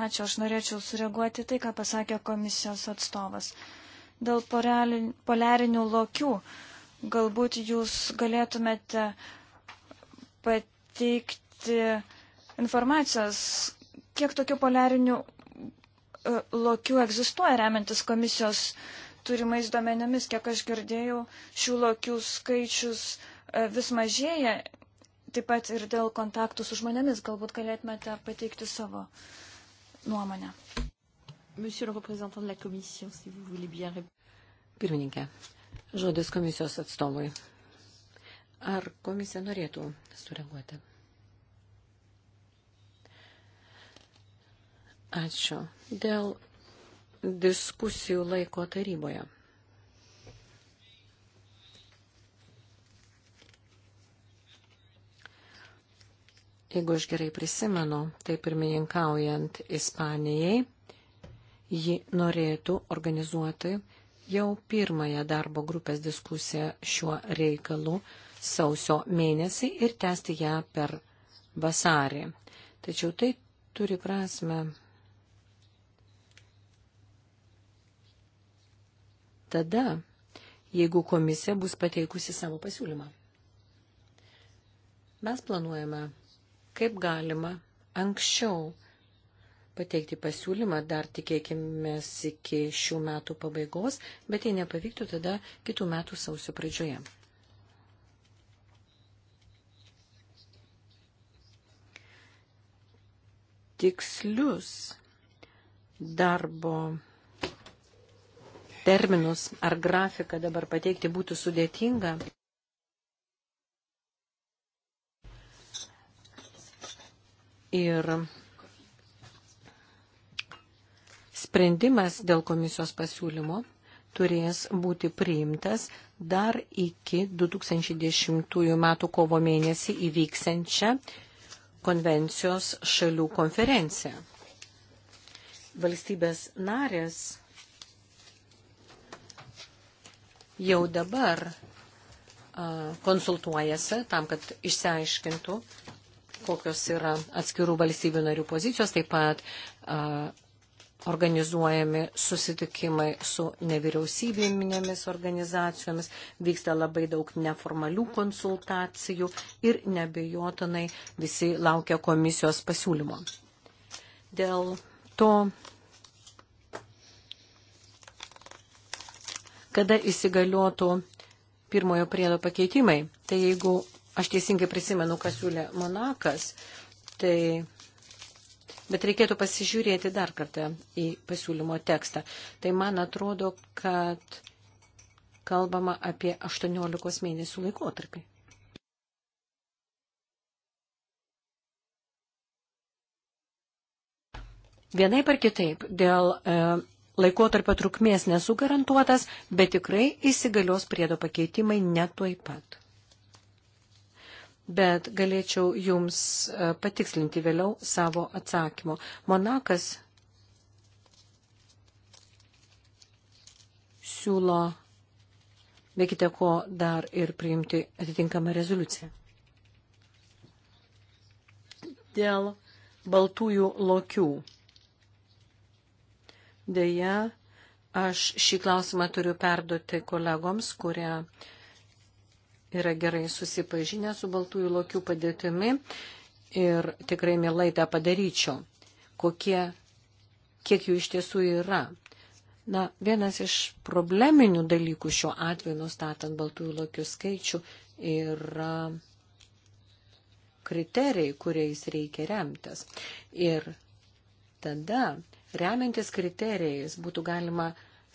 Ačiū, aš norėčiau sureaguoti tai, ką pasakė komisijos atstovas. Dėl poliarinių lokių, galbūt jūs galėtumėte pateikti informacijos, kiek tokių poliarinių E, lokių egzistuoja remiantis komisijos turimais duomenimis. Kiek aš girdėjau, šių lokių skaičius e, vis mažėja, taip pat ir dėl kontaktų su žmonėmis. Galbūt galėtumėte pateikti savo nuomonę. Pirmininkė, žodis komisijos atstovui. Ar komisija norėtų sureaguoti? Ačiū. Dėl diskusijų laiko taryboje. Jeigu aš gerai prisimenu, tai pirmininkaujant Ispanijai, ji norėtų organizuoti jau pirmąją darbo grupės diskusiją šiuo reikalu sausio mėnesį ir tęsti ją per vasarį. Tačiau tai turi prasme tada, jeigu komisija bus pateikusi savo pasiūlymą. Mes planuojame, kaip galima anksčiau pateikti pasiūlymą, dar tikėkime iki šių metų pabaigos, bet jei nepavyktų, tada kitų metų sausio pradžioje. Tikslius darbo terminus ar grafiką dabar pateikti būtų sudėtinga. Ir sprendimas dėl komisijos pasiūlymo turės būti priimtas dar iki 2010 metų kovo mėnesį įvyksiančią konvencijos šalių konferenciją. Valstybės narės jau dabar konsultuojasi tam, kad išsiaiškintų, kokios yra atskirų valstybių narių pozicijos, taip pat organizuojami susitikimai su nevyriausybinėmis organizacijomis, vyksta labai daug neformalių konsultacijų ir nebejotinai visi laukia komisijos pasiūlymo. Dėl to kada įsigaliotų pirmojo priedo pakeitimai. Tai jeigu aš teisingai prisimenu, kas siūlė Monakas, tai. Bet reikėtų pasižiūrėti dar kartą į pasiūlymo tekstą. Tai man atrodo, kad kalbama apie 18 mėnesių laikotarpį. Vienaip ar kitaip, dėl e, laikotarpio trukmės nesu garantuotas, bet tikrai įsigalios priedo pakeitimai netuoj pat. Bet galėčiau jums e, patikslinti vėliau savo atsakymo. Monakas siūlo, be kita ko, dar ir priimti atitinkamą rezoliuciją. Dėl baltųjų lokių Deja, aš šį klausimą turiu perduoti kolegoms, kurie yra gerai susipažinę su baltųjų lokių padėtimi ir tikrai mielai tą padaryčiau. Kokie, kiek jų iš tiesų yra. Na, vienas iš probleminių dalykų šiuo atveju nustatant baltųjų lokių skaičių yra kriterijai, kuriais reikia remtis. Ir tada remiantis kriterijais būtų galima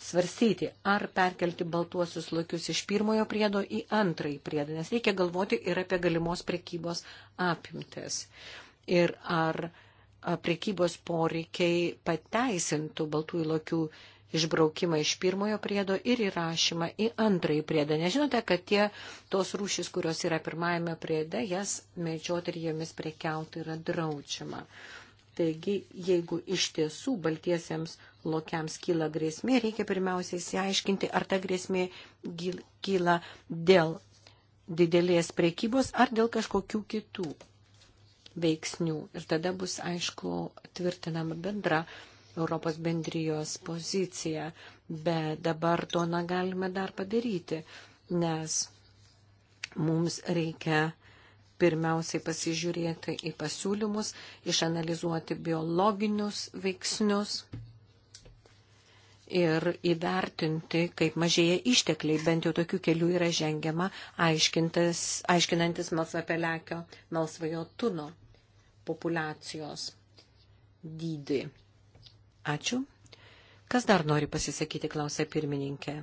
svarstyti, ar perkelti baltuosius lokius iš pirmojo priedo į antrąjį priedą, nes reikia galvoti ir apie galimos prekybos apimtis. Ir ar prekybos poreikiai pateisintų baltųjų lokių išbraukimą iš pirmojo priedo ir įrašymą į antrąjį priedą. Nežinote, kad tie tos rūšis, kurios yra pirmajame priede, jas medžioti ir jomis prekiauti yra draudžiama. Taigi, jeigu iš tiesų baltiesiems lokiams kyla grėsmė, reikia pirmiausiai įsiaiškinti, ar ta grėsmė kyla dėl didelės prekybos ar dėl kažkokių kitų veiksnių. Ir tada bus aišku tvirtinama bendra Europos bendrijos pozicija. Bet dabar to negalime dar padaryti, nes mums reikia pirmiausiai pasižiūrėti į pasiūlymus, išanalizuoti biologinius veiksnius ir įvertinti, kaip mažėja ištekliai, bent jau tokių kelių yra žengiama, aiškinantis melsvapelekio, melsvajo tuno populacijos dydį. Ačiū. Kas dar nori pasisakyti, klausia pirmininkė.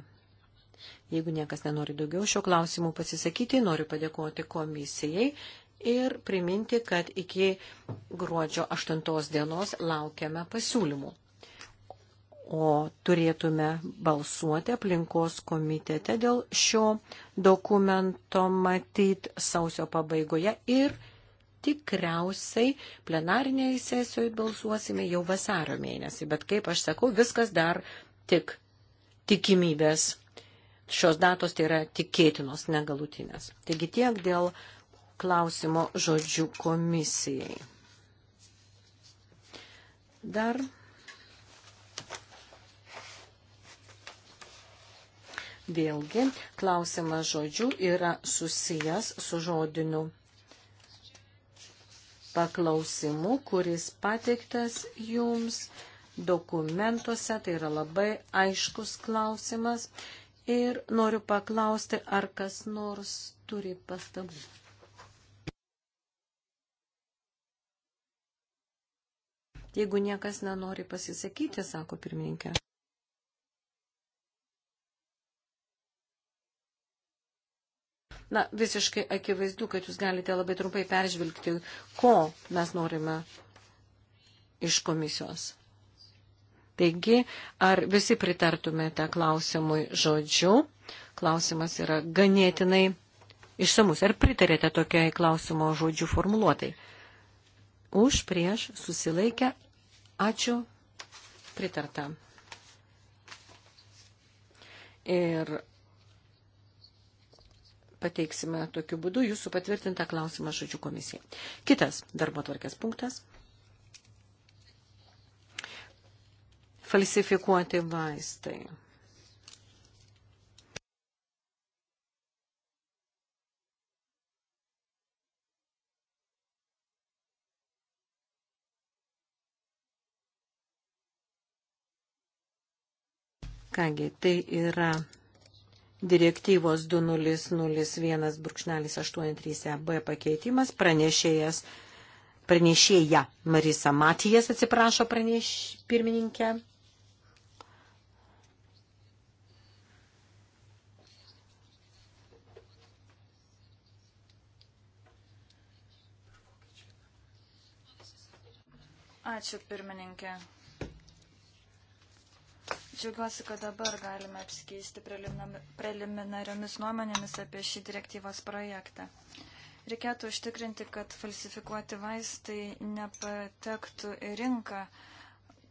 Jeigu niekas nenori daugiau šio klausimų pasisakyti, noriu padėkoti komisijai ir priminti, kad iki gruodžio 8 dienos laukiame pasiūlymų. O turėtume balsuoti aplinkos komitete dėl šio dokumento matyt sausio pabaigoje ir tikriausiai plenariniai sesijoje balsuosime jau vasario mėnesį. Bet kaip aš sakau, viskas dar tik tikimybės šios datos tai yra tikėtinos, negalutinės. Taigi tiek dėl klausimo žodžių komisijai. Dar Vėlgi, klausimas žodžių yra susijęs su žodiniu paklausimu, kuris pateiktas jums dokumentuose. Tai yra labai aiškus klausimas ir noriu paklausti, ar kas nors turi pastabų. Jeigu niekas nenori pasisakyti, sako pirmininkė. Na, visiškai akivaizdu, kad jūs galite labai trumpai peržvilgti, ko mes norime iš komisijos. Taigi, ar visi pritartumėte klausimui žodžiu? Klausimas yra ganėtinai išsamus. Ar pritarėte tokiai klausimo žodžių formuluotai? Už, prieš, susilaikę. Ačiū. Pritarta. Ir pateiksime tokiu būdu jūsų patvirtintą klausimą žodžių komisijai. Kitas darbo tvarkės punktas. falsifikuoti vaistai. Kągi, tai yra direktyvos 2001-83EB e pakeitimas, pranešėjas, pranešėja Marisa Matijas, atsiprašo praneš, pirmininkę. Ačiū, pirmininkė. Džiaugiuosi, kad dabar galime apsikeisti preliminariomis nuomonėmis apie šį direktyvos projektą. Reikėtų užtikrinti, kad falsifikuoti vaistai nepatektų į rinką,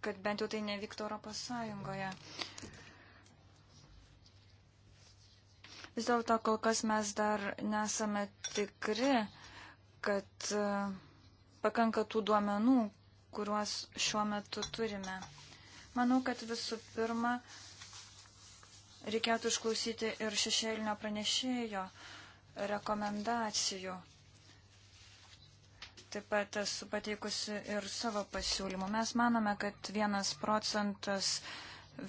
kad bent jau tai nevyktų Europos Sąjungoje. Vis dėlto kol kas mes dar nesame tikri, kad e, pakanka tų duomenų, kuriuos šiuo metu turime. Manau, kad visų pirma, reikėtų išklausyti ir šešėlinio pranešėjo rekomendacijų. Taip pat esu pateikusi ir savo pasiūlymų. Mes manome, kad vienas procentas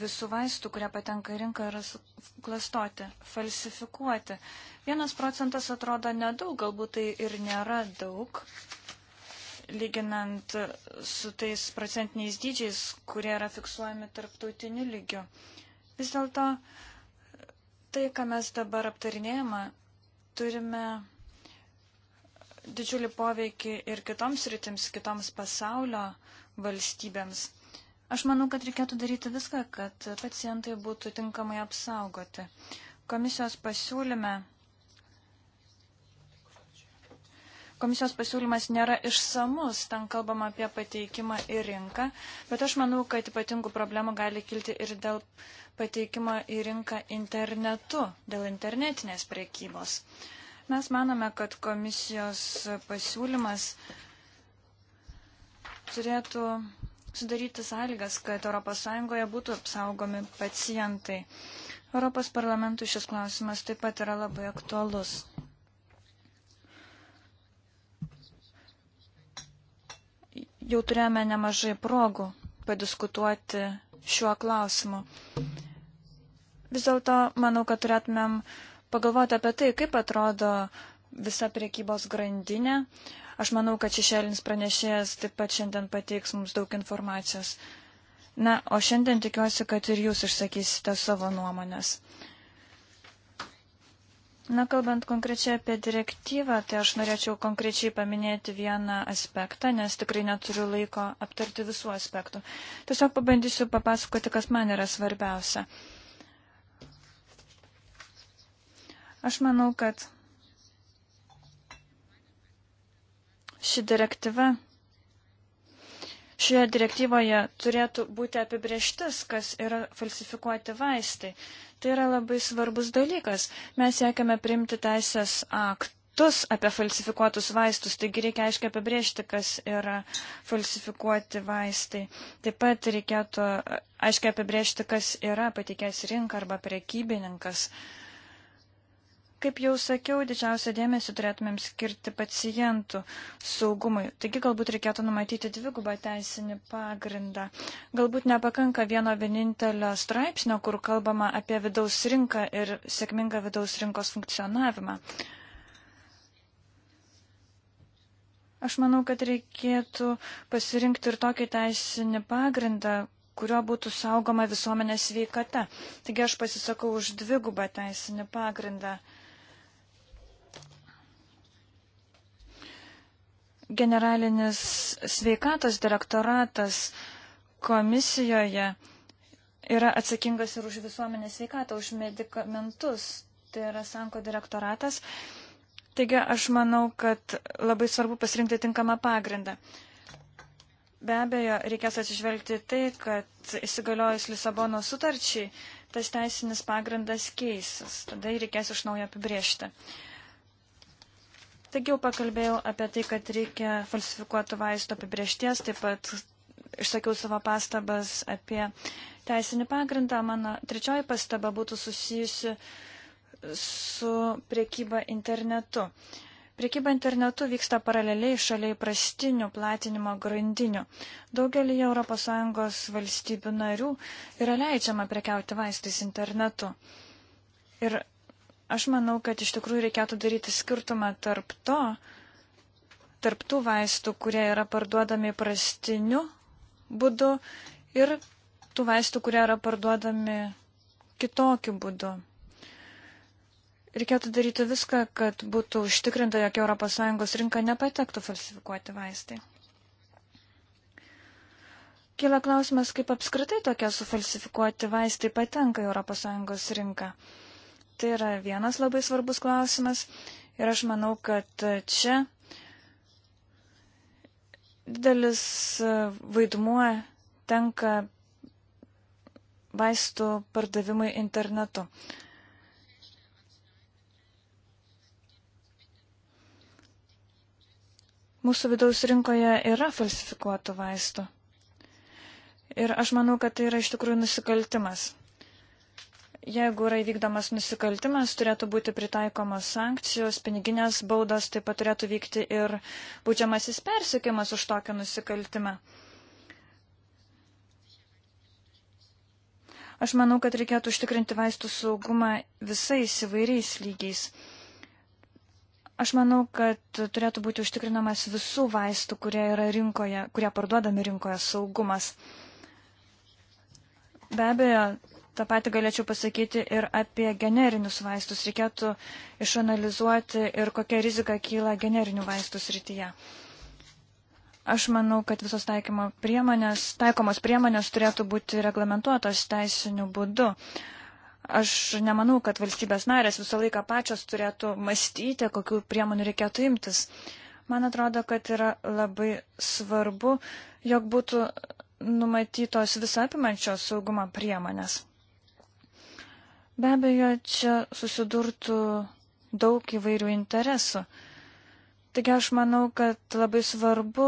visų vaistų, kurie patenka į rinką, yra klastoti, falsifikuoti. Vienas procentas atrodo nedaug, galbūt tai ir nėra daug, lyginant su tais procentiniais dydžiais, kurie yra fiksuojami tarptautiniu lygiu. Vis dėlto tai, ką mes dabar aptarinėjame, turime didžiulį poveikį ir kitoms rytims, kitoms pasaulio valstybėms. Aš manau, kad reikėtų daryti viską, kad pacientai būtų tinkamai apsaugoti. Komisijos pasiūlyme Komisijos pasiūlymas nėra išsamus, ten kalbama apie pateikimą į rinką, bet aš manau, kad ypatingų problemų gali kilti ir dėl pateikimo į rinką internetu, dėl internetinės priekybos. Mes manome, kad komisijos pasiūlymas turėtų sudaryti sąlygas, kad ES būtų apsaugomi pacientai. Europos parlamentui šis klausimas taip pat yra labai aktualus. jau turėjome nemažai progų padiskutuoti šiuo klausimu. Vis dėlto, manau, kad turėtumėm pagalvoti apie tai, kaip atrodo visa priekybos grandinė. Aš manau, kad šešėlinis pranešėjas taip pat šiandien pateiks mums daug informacijos. Na, o šiandien tikiuosi, kad ir jūs išsakysite savo nuomonės. Na, kalbant konkrečiai apie direktyvą, tai aš norėčiau konkrečiai paminėti vieną aspektą, nes tikrai neturiu laiko aptarti visų aspektų. Tiesiog pabandysiu papasakoti, kas man yra svarbiausia. Aš manau, kad ši direktyva Šioje direktyvoje turėtų būti apibrieštis, kas yra falsifikuoti vaistai. Tai yra labai svarbus dalykas. Mes siekiame priimti teisės aktus apie falsifikuotus vaistus, taigi reikia aiškiai apibriežti, kas yra falsifikuoti vaistai. Taip pat reikėtų aiškiai apibriežti, kas yra patikės rinka arba prekybininkas. Uh, Kaip jau sakiau, didžiausią dėmesį turėtumėm skirti pacientų saugumui. Taigi galbūt reikėtų numatyti dvigubą teisinį pagrindą. Galbūt nepakanka vieno vienintelio straipsnio, kur kalbama apie vidaus rinką ir sėkmingą vidaus rinkos funkcionavimą. Aš manau, kad reikėtų pasirinkti ir tokį teisinį pagrindą, kuriuo būtų saugoma visuomenės sveikata. Taigi aš pasisakau už dvigubą teisinį pagrindą. generalinis sveikatos direktoratas komisijoje yra atsakingas ir už visuomenės sveikatą, už medikamentus. Tai yra Sanko direktoratas. Taigi aš manau, kad labai svarbu pasirinkti tinkamą pagrindą. Be abejo, reikės atsižvelgti tai, kad įsigaliojus Lisabono sutarčiai, tas teisinis pagrindas keisis. Tada jį reikės iš naujo apibriežti. Uh, Taigi jau pakalbėjau apie tai, kad reikia falsifikuotų vaistų apibriešties, taip pat išsakiau savo pastabas apie teisinį pagrindą. Mano trečioji pastaba būtų susijusi su priekyba internetu. Priekyba internetu vyksta paraleliai šalia įprastinių platinimo grandinių. Daugelį ES valstybių narių yra leidžiama prekiauti vaistais internetu. Ir Aš manau, kad iš tikrųjų reikėtų daryti skirtumą tarp to, tarp tų vaistų, kurie yra parduodami prastiniu būdu ir tų vaistų, kurie yra parduodami kitokiu būdu. Reikėtų daryti viską, kad būtų užtikrinta, jog ES rinka nepatektų falsifikuoti vaistai. Kila klausimas, kaip apskritai tokie sufalsifikuoti vaistai patenka į ES rinką. Tai yra vienas labai svarbus klausimas ir aš manau, kad čia didelis vaidmuo tenka vaistų pardavimui internetu. Mūsų vidaus rinkoje yra falsifikuotų vaistų. Ir aš manau, kad tai yra iš tikrųjų nusikaltimas. Jeigu yra įvykdomas nusikaltimas, turėtų būti pritaikomos sankcijos, piniginės baudos, taip pat turėtų vykti ir būdžiamasis persikimas už tokią nusikaltimą. Aš manau, kad reikėtų užtikrinti vaistų saugumą visais įvairiais lygiais. Aš manau, kad turėtų būti užtikrinamas visų vaistų, kurie yra rinkoje, kurie parduodami rinkoje saugumas. Be abejo, Ta pati galėčiau pasakyti ir apie generinius vaistus. Reikėtų išanalizuoti ir kokia rizika kyla generinių vaistų srityje. Aš manau, kad visos priemonės, taikomos priemonės turėtų būti reglamentuotos teisiniu būdu. Aš nemanau, kad valstybės narės visą laiką pačios turėtų mąstyti, kokiu priemonių reikėtų imtis. Man atrodo, kad yra labai svarbu, jog būtų numatytos visapimančios saugumo priemonės. Be abejo, čia susidurtų daug įvairių interesų. Taigi aš manau, kad labai svarbu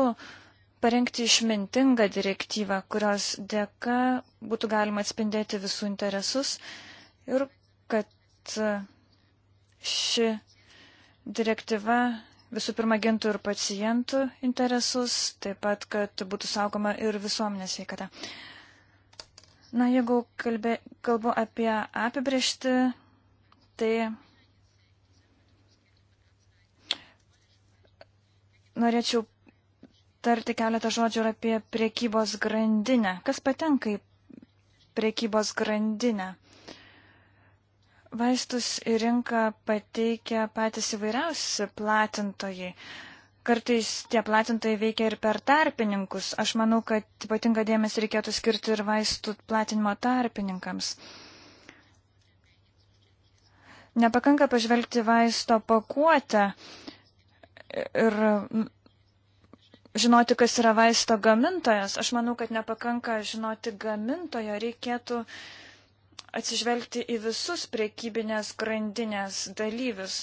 parengti išmintingą direktyvą, kurios dėka būtų galima atspindėti visų interesus ir kad e, ši direktyva visų pirma gintų ir pacientų interesus, taip pat, kad būtų saugoma ir visuomenės sveikata. Na, jeigu kalbė, kalbu apie apibriešti, tai norėčiau tarti keletą žodžių ir apie priekybos grandinę. Kas patenka į priekybos grandinę? Vaistus į rinką pateikia patys įvairiausi platintojai. Kartais tie platintojai veikia ir per tarpininkus. Aš manau, kad ypatinga dėmesį reikėtų skirti ir vaistų platinimo tarpininkams. Nepakanka pažvelgti vaisto pakuotę ir žinoti, kas yra vaisto gamintojas. Aš manau, kad nepakanka žinoti gamintojo, reikėtų uh, atsižvelgti į visus prekybinės grandinės dalyvius.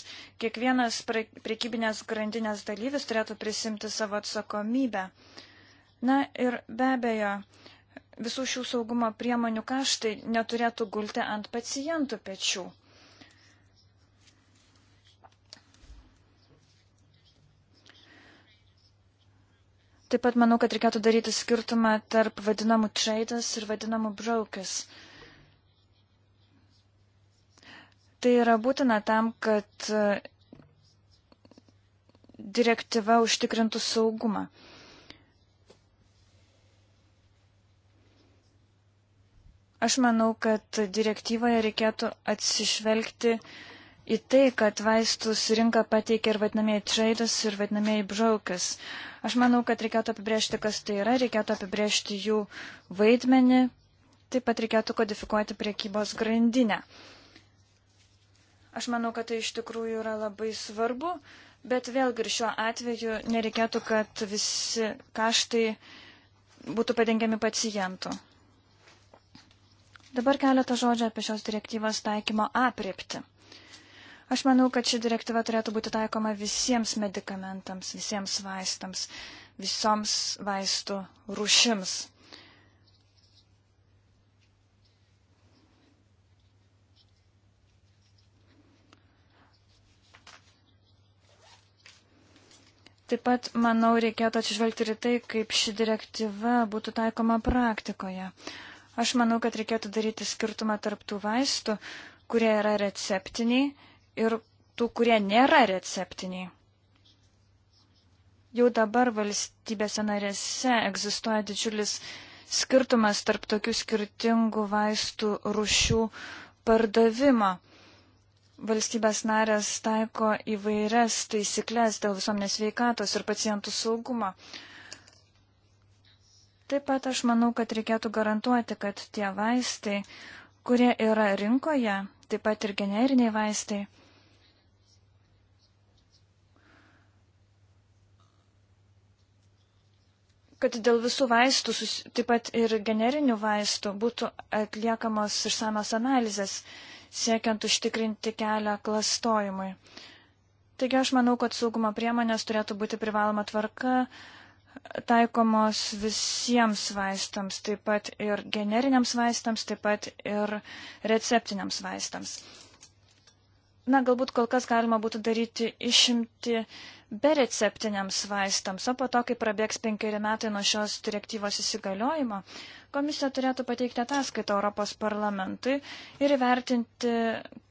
Kiekvienas pre, prekybinės grandinės dalyvis turėtų prisimti savo atsakomybę. Na ir be abejo, visų šių saugumo priemonių kaštai neturėtų gulti ant pacientų pečių. Taip pat manau, kad reikėtų daryti skirtumą tarp vadinamų traders ir vadinamų brokers. Uh, Tai yra būtina tam, kad e, direktyva užtikrintų saugumą. Aš manau, kad direktyvoje reikėtų atsižvelgti į tai, kad vaistus rinką pateikia ir vadinamieji traders, ir vadinamieji brokers. Aš manau, kad reikėtų apibrėžti, kas tai yra, reikėtų apibrėžti jų vaidmenį, taip pat reikėtų kodifikuoti priekybos grandinę. Aš manau, kad tai iš tikrųjų yra labai svarbu, bet vėlgi ir šiuo atveju nereikėtų, kad visi kaštai būtų padengiami pacientų. Dabar keletą žodžių apie šios direktyvos taikymo apriepti. Aš manau, kad ši direktyva turėtų būti taikoma visiems medikamentams, visiems vaistams, visoms vaistų rušims. Taip pat, manau, reikėtų atsižvelgti ir tai, kaip ši direktyva būtų taikoma praktikoje. Aš manau, kad reikėtų daryti skirtumą tarptų vaistų, kurie yra receptiniai ir tų, kurie nėra receptiniai. Jau dabar valstybėse narėse egzistuoja didžiulis skirtumas tarp tokių skirtingų vaistų rušių pardavimo valstybės narės taiko įvairias taisyklės dėl visuomenės veikatos ir pacientų saugumo. Taip pat aš manau, kad reikėtų garantuoti, kad tie vaistai, kurie yra rinkoje, taip pat ir generiniai vaistai, kad dėl visų vaistų, taip pat ir generinių vaistų, būtų atliekamos išsamios analizės siekiant užtikrinti kelią klastojimui. Taigi aš manau, kad saugumo priemonės turėtų būti privaloma tvarka, taikomos visiems vaistams, taip pat ir generiniams vaistams, taip pat ir receptiniams vaistams. Na, galbūt kol kas galima būtų daryti išimti bereceptiniams vaistams, o po to, kai prabėgs penkeri metai nuo šios direktyvos įsigaliojimo, komisija turėtų pateikti ataskaitą Europos parlamentui ir įvertinti,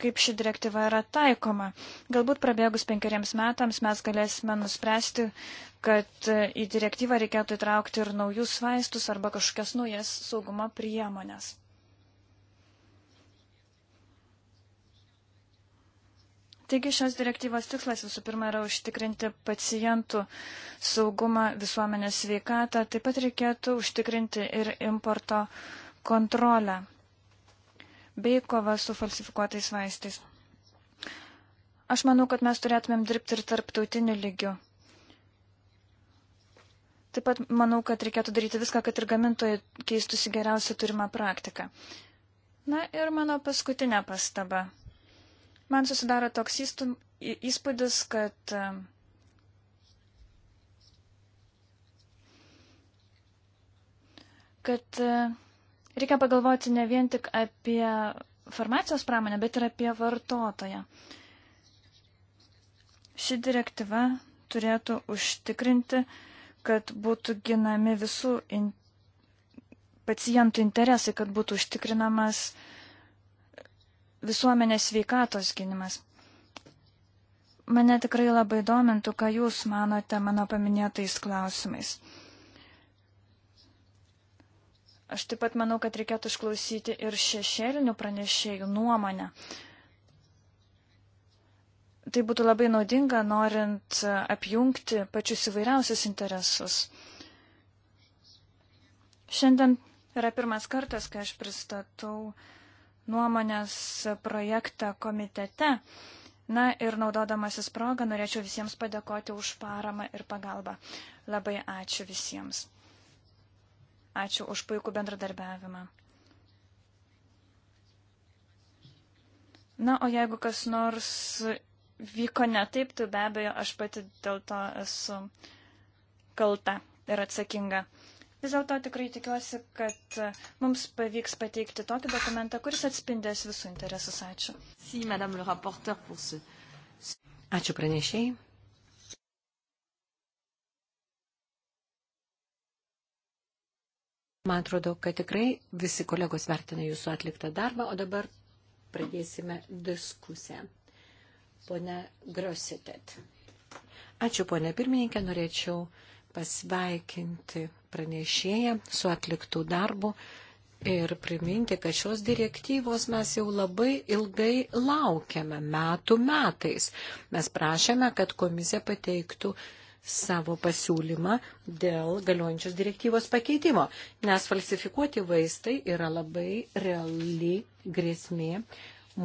kaip ši direktyva yra taikoma. Galbūt prabėgus penkeriems metams mes galėsime nuspręsti, kad į direktyvą reikėtų įtraukti ir naujus vaistus arba kažkokias naujas saugumo priemonės. Taigi šios direktyvos tikslas visų pirma yra užtikrinti pacientų saugumą, visuomenės sveikatą, taip pat reikėtų užtikrinti ir importo kontrolę bei kova su falsifikuotais vaistais. Aš manau, kad mes turėtumėm dirbti ir tarptautiniu lygiu. Taip pat manau, kad reikėtų daryti viską, kad ir gamintojai keistųsi geriausią turimą praktiką. Na ir mano paskutinė pastaba. Man susidaro toks įstum, įspūdis, kad kad reikia pagalvoti ne vien tik apie farmacijos pramonę, bet ir apie vartotoją. Ši direktyva turėtų užtikrinti, kad būtų ginami visų in... pacientų interesai, kad būtų užtikrinamas uh, visuomenės sveikatos gynimas. Mane tikrai labai domintų, ką Jūs manote mano paminėtais klausimais. Aš taip pat manau, kad reikėtų išklausyti ir šešėlinių pranešėjų nuomonę. Tai būtų labai naudinga, norint apjungti pačius įvairiausius interesus. Šiandien yra pirmas kartas, kai aš pristatau uh, nuomonės projektą komitete. Na ir naudodamasis progą norėčiau visiems padėkoti už paramą ir pagalbą. Labai ačiū visiems. Ačiū už puikų bendradarbiavimą. Na, o jeigu kas nors vyko ne taip, tai be abejo aš pati dėl to esu kalta ir atsakinga. Vis dėlto tikrai tikiuosi, kad mums pavyks pateikti tokį dokumentą, kuris atspindės visų interesus. Ačiū. Si, madame le rapporteur, pour ce... Ačiū pranešėjai. Man atrodo, kad tikrai visi kolegos vertina jūsų atliktą darbą, o dabar pradėsime diskusiją. Pone Grositėt. Ačiū, ponė pirmininkė, norėčiau uh, pasveikinti pranešėją su atliktų darbų ir priminti, kad šios direktyvos mes jau labai ilgai laukiame, metų metais. Mes prašėme, kad komisija pateiktų savo pasiūlymą dėl galiojančios direktyvos pakeitimo, nes falsifikuoti vaistai yra labai reali grėsmė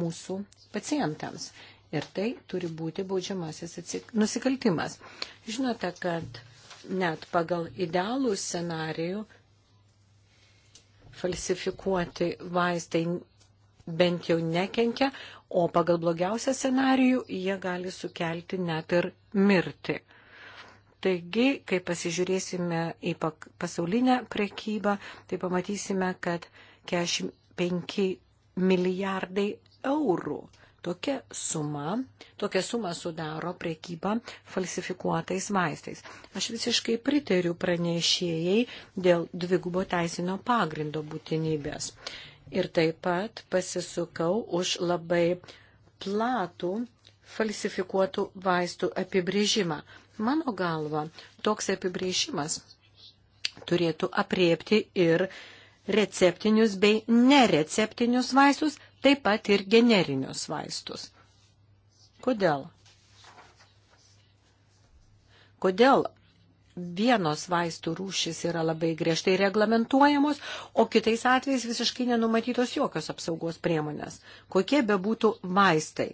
mūsų pacientams. Ir tai turi būti baudžiamasis atsik... nusikaltimas. Žinote, kad net pagal idealų scenarijų falsifikuoti vaistai bent jau nekenkia, o pagal blogiausią scenarijų jie gali sukelti net ir mirti. Taigi, kai pasižiūrėsime į pasaulinę prekybą, tai pamatysime, kad 45 milijardai eurų Tokia suma, tokia suma sudaro prekyba falsifikuotais vaistais. Aš visiškai pritariu pranešėjai dėl dvigubo teisinio pagrindo būtinybės. Ir taip pat pasisukau už labai platų falsifikuotų vaistų apibrėžimą. Mano galva, toks apibrėžimas turėtų apriepti ir receptinius bei nereceptinius vaistus, taip pat ir generinius vaistus. Kodėl? Kodėl vienos vaistų rūšis yra labai griežtai reglamentuojamos, o kitais atvejais visiškai nenumatytos jokios apsaugos priemonės. Kokie bebūtų vaistai,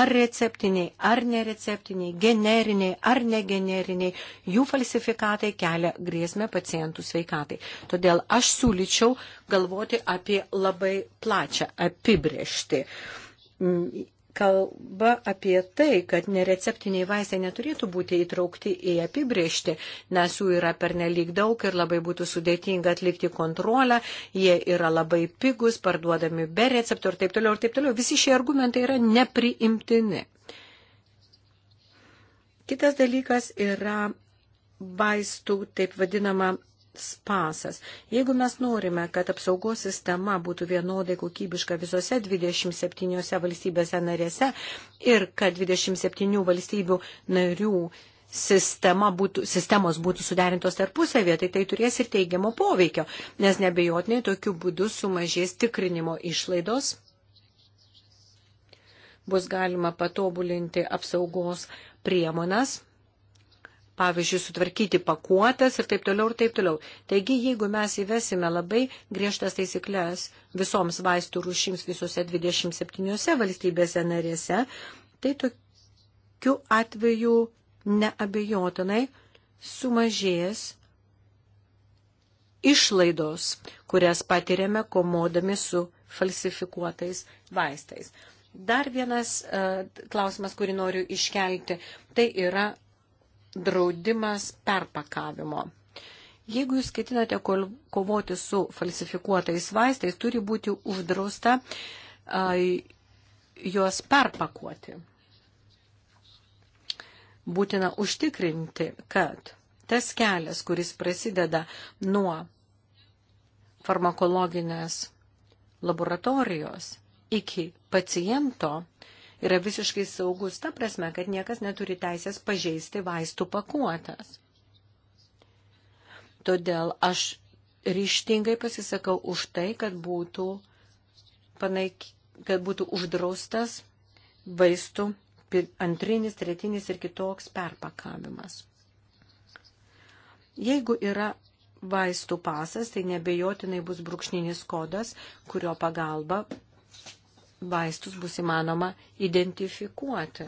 ar receptiniai, ar nereceptiniai, generiniai, ar negeneriniai, jų falsifikatai kelia grėsmę pacientų sveikatai. Todėl aš siūlyčiau galvoti apie labai plačią apibriešti mm, kalba apie tai, kad nereceptiniai vaistai neturėtų būti įtraukti į apibriežti, nes jų yra pernelyg daug ir labai būtų sudėtinga atlikti kontrolę, jie yra labai pigus, parduodami be receptų ir taip toliau ir taip toliau. Visi šie argumentai yra nepriimtini. Kitas dalykas yra vaistų taip vadinama pasas. Jeigu mes norime, kad apsaugos sistema būtų vienodai kokybiška visose 27 valstybėse narėse ir kad 27 valstybių narių sistema būtų, sistemos būtų suderintos tarpusavėje, tai tai turės ir teigiamo poveikio, nes nebejotinai tokiu būdu sumažės tikrinimo išlaidos, bus galima patobulinti apsaugos priemonas pavyzdžiui, sutvarkyti pakuotas ir taip toliau ir taip toliau. Taigi, jeigu mes įvesime labai griežtas taisyklės visoms vaistų rūšims visose 27 valstybėse narėse, tai tokiu atveju neabejotinai sumažės išlaidos, kurias patiriame komodami su falsifikuotais vaistais. Dar vienas uh, klausimas, kurį noriu iškelti, tai yra draudimas perpakavimo. Jeigu jūs ketinate kovoti su falsifikuotais vaistais, turi būti uždrausta a, juos perpakuoti. Būtina užtikrinti, kad tas kelias, kuris prasideda nuo farmakologinės laboratorijos iki paciento, yra visiškai saugus, ta prasme, kad niekas neturi teisės pažeisti vaistų pakuotas. Todėl aš ryštingai pasisakau už tai, kad būtų, panaik, kad būtų uždraustas vaistų antrinis, tretinis ir kitoks perpakavimas. Jeigu yra vaistų pasas, tai nebejotinai bus brūkšninis kodas, kurio pagalba vaistus bus įmanoma identifikuoti.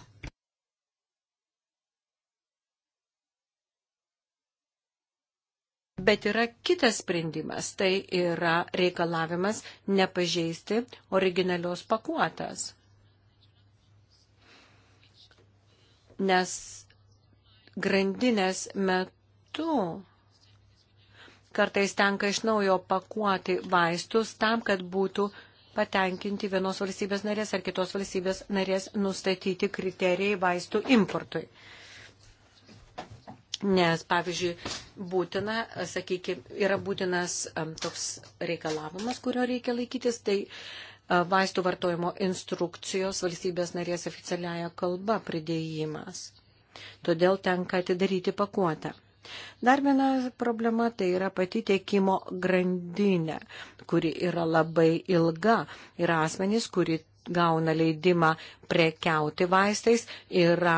Bet yra kitas sprendimas, tai yra reikalavimas nepažeisti originalios pakuotas. Nes grandinės metu kartais tenka iš naujo pakuoti vaistus tam, kad būtų patenkinti vienos valstybės narės ar kitos valstybės narės nustatyti kriterijai vaistų importui. Nes, pavyzdžiui, būtina, sakykime, yra būtinas toks reikalavimas, kurio reikia laikytis, tai vaistų vartojimo instrukcijos valstybės narės oficialiaja kalba pridėjimas. Todėl tenka atidaryti pakuotę. Dar viena problema tai yra pati tiekimo grandinė, kuri yra labai ilga. Yra asmenys, kuri gauna leidimą prekiauti vaistais, yra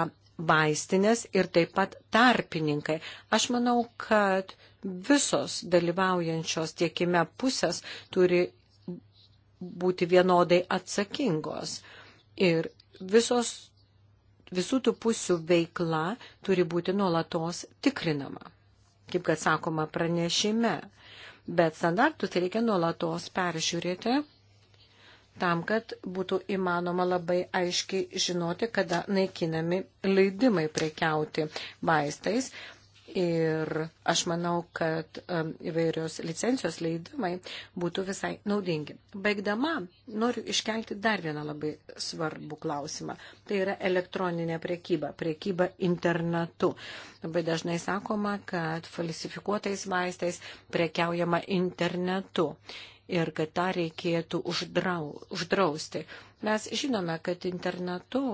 vaistinės ir taip pat tarpininkai. Aš manau, kad visos dalyvaujančios tiekime pusės turi būti vienodai atsakingos. Ir visos visų tų pusių veikla turi būti nuolatos tikrinama, kaip kad sakoma pranešime. Bet standartus tai reikia nuolatos peržiūrėti tam, kad būtų įmanoma labai aiškiai žinoti, kada naikinami leidimai prekiauti vaistais, Ir aš manau, kad įvairios licencijos leidimai būtų visai naudingi. Baigdama, noriu iškelti dar vieną labai svarbų klausimą. Tai yra elektroninė priekyba, priekyba internetu. Labai dažnai sakoma, kad falsifikuotais vaistais prekiaujama internetu ir kad tą reikėtų uždrau, uždrausti. Mes žinome, kad internetu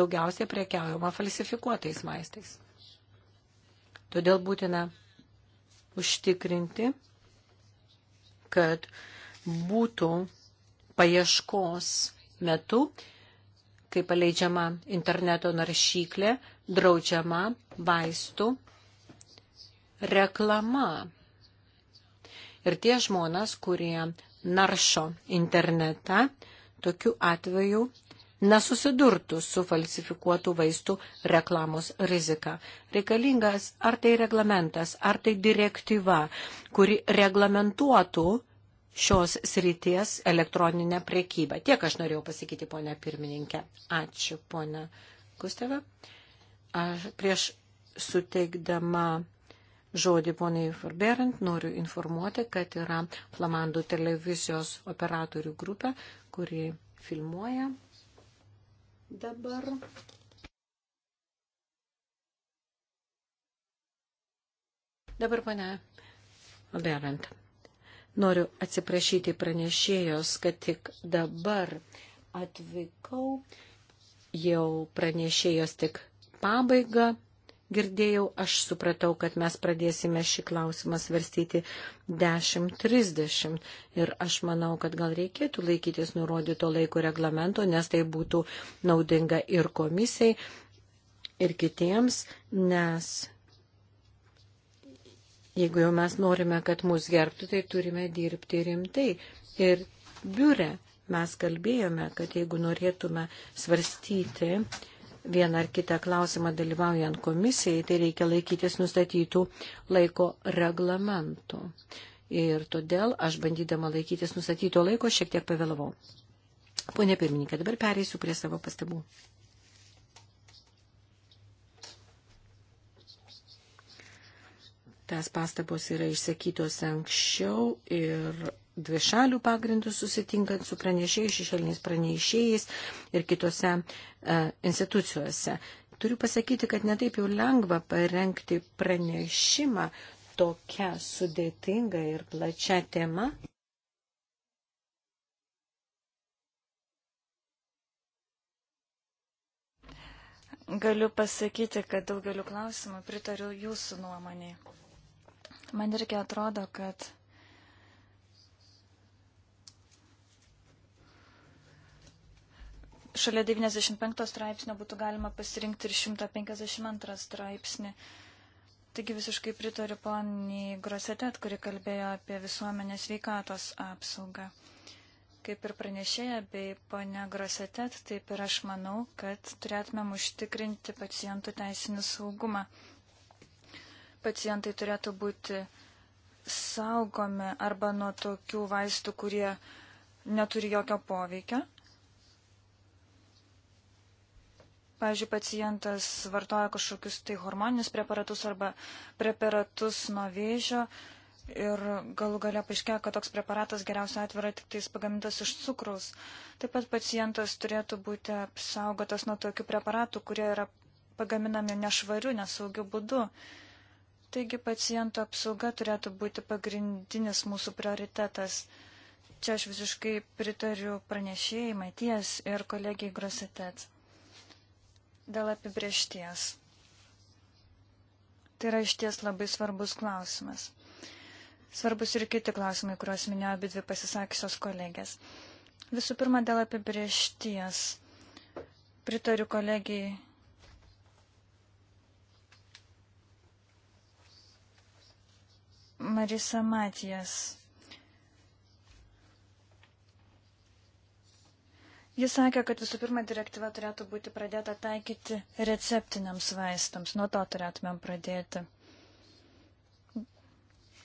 daugiausiai prekiaujama falsifikuotais vaistais. Todėl būtina užtikrinti, kad būtų paieškos metu, kai paleidžiama interneto naršyklė, draudžiama vaistų reklama. Ir tie žmonės, kurie naršo internetą, tokiu atveju nesusidurtų su falsifikuotų vaistų reklamos rizika. Reikalingas ar tai reglamentas, ar tai direktyva, kuri reglamentuotų šios srities elektroninę prekybą. Tiek aš norėjau pasakyti, ponia pirmininkė. Ačiū, ponia Gusteva. Aš prieš suteikdama žodį poniai Forberant noriu informuoti, kad yra Flamandų televizijos operatorių grupė, kuri filmuoja dabar. Dabar, pane Berant, noriu atsiprašyti pranešėjos, kad tik dabar atvykau, jau pranešėjos tik pabaiga girdėjau, aš supratau, kad mes pradėsime šį klausimą svarstyti 10.30. Ir aš manau, kad gal reikėtų laikytis nurodyto laiko reglamento, nes tai būtų naudinga ir komisijai, ir kitiems, nes jeigu jau mes norime, kad mus gerbtų, tai turime dirbti rimtai. Ir biure mes kalbėjome, kad jeigu norėtume svarstyti vieną ar kitą klausimą dalyvaujant komisijai, tai reikia laikytis nustatytų laiko reglamentų. Ir todėl aš bandydama laikytis nustatyto laiko šiek tiek pavėlavau. Pone pirmininkė, dabar pereisiu prie savo pastabų. Tas pastabos yra išsakytos anksčiau ir dvišalių pagrindų susitinkant su pranešėjais, šešėliniais pranešėjais ir kitose e, institucijose. Turiu pasakyti, kad netaip jau lengva parengti pranešimą tokia sudėtinga ir plačia tema. Galiu pasakyti, kad daugeliu klausimų pritariu jūsų nuomonėje. Man irgi atrodo, kad šalia 95 straipsnio būtų galima pasirinkti ir 152 straipsnį. Taigi visiškai pritariu poniai Grosetet, kuri kalbėjo apie visuomenės veikatos apsaugą. Kaip ir pranešėja bei ponia Grosetet, taip ir aš manau, kad turėtumėm užtikrinti pacientų teisinį saugumą. Pacientai turėtų būti saugomi arba nuo tokių vaistų, kurie neturi jokio poveikio Pavyzdžiui, pacientas vartoja kažkokius tai hormoninius preparatus arba preparatus nuo vėžio ir galų gale paaiškėjo, kad toks preparatas geriausia atvira tik tais pagamintas iš cukraus. Taip pat pacientas turėtų būti apsaugotas nuo tokių preparatų, kurie yra pagaminami nešvariu, nesaugiu būdu. Taigi paciento apsauga turėtų būti pagrindinis mūsų prioritetas. Čia aš visiškai pritariu pranešėjai Maties ir kolegijai Grosetets dėl apibriešties. Tai yra iš ties labai svarbus klausimas. Svarbus ir kiti klausimai, kuriuos minėjo abi dvi pasisakysios kolegės. Visų pirma, dėl apibriešties. Pritariu kolegijai Marisa Matijas. Jis sakė, kad visų pirma direktyva turėtų būti pradėta taikyti receptiniams vaistams. Nuo to turėtumėm pradėti.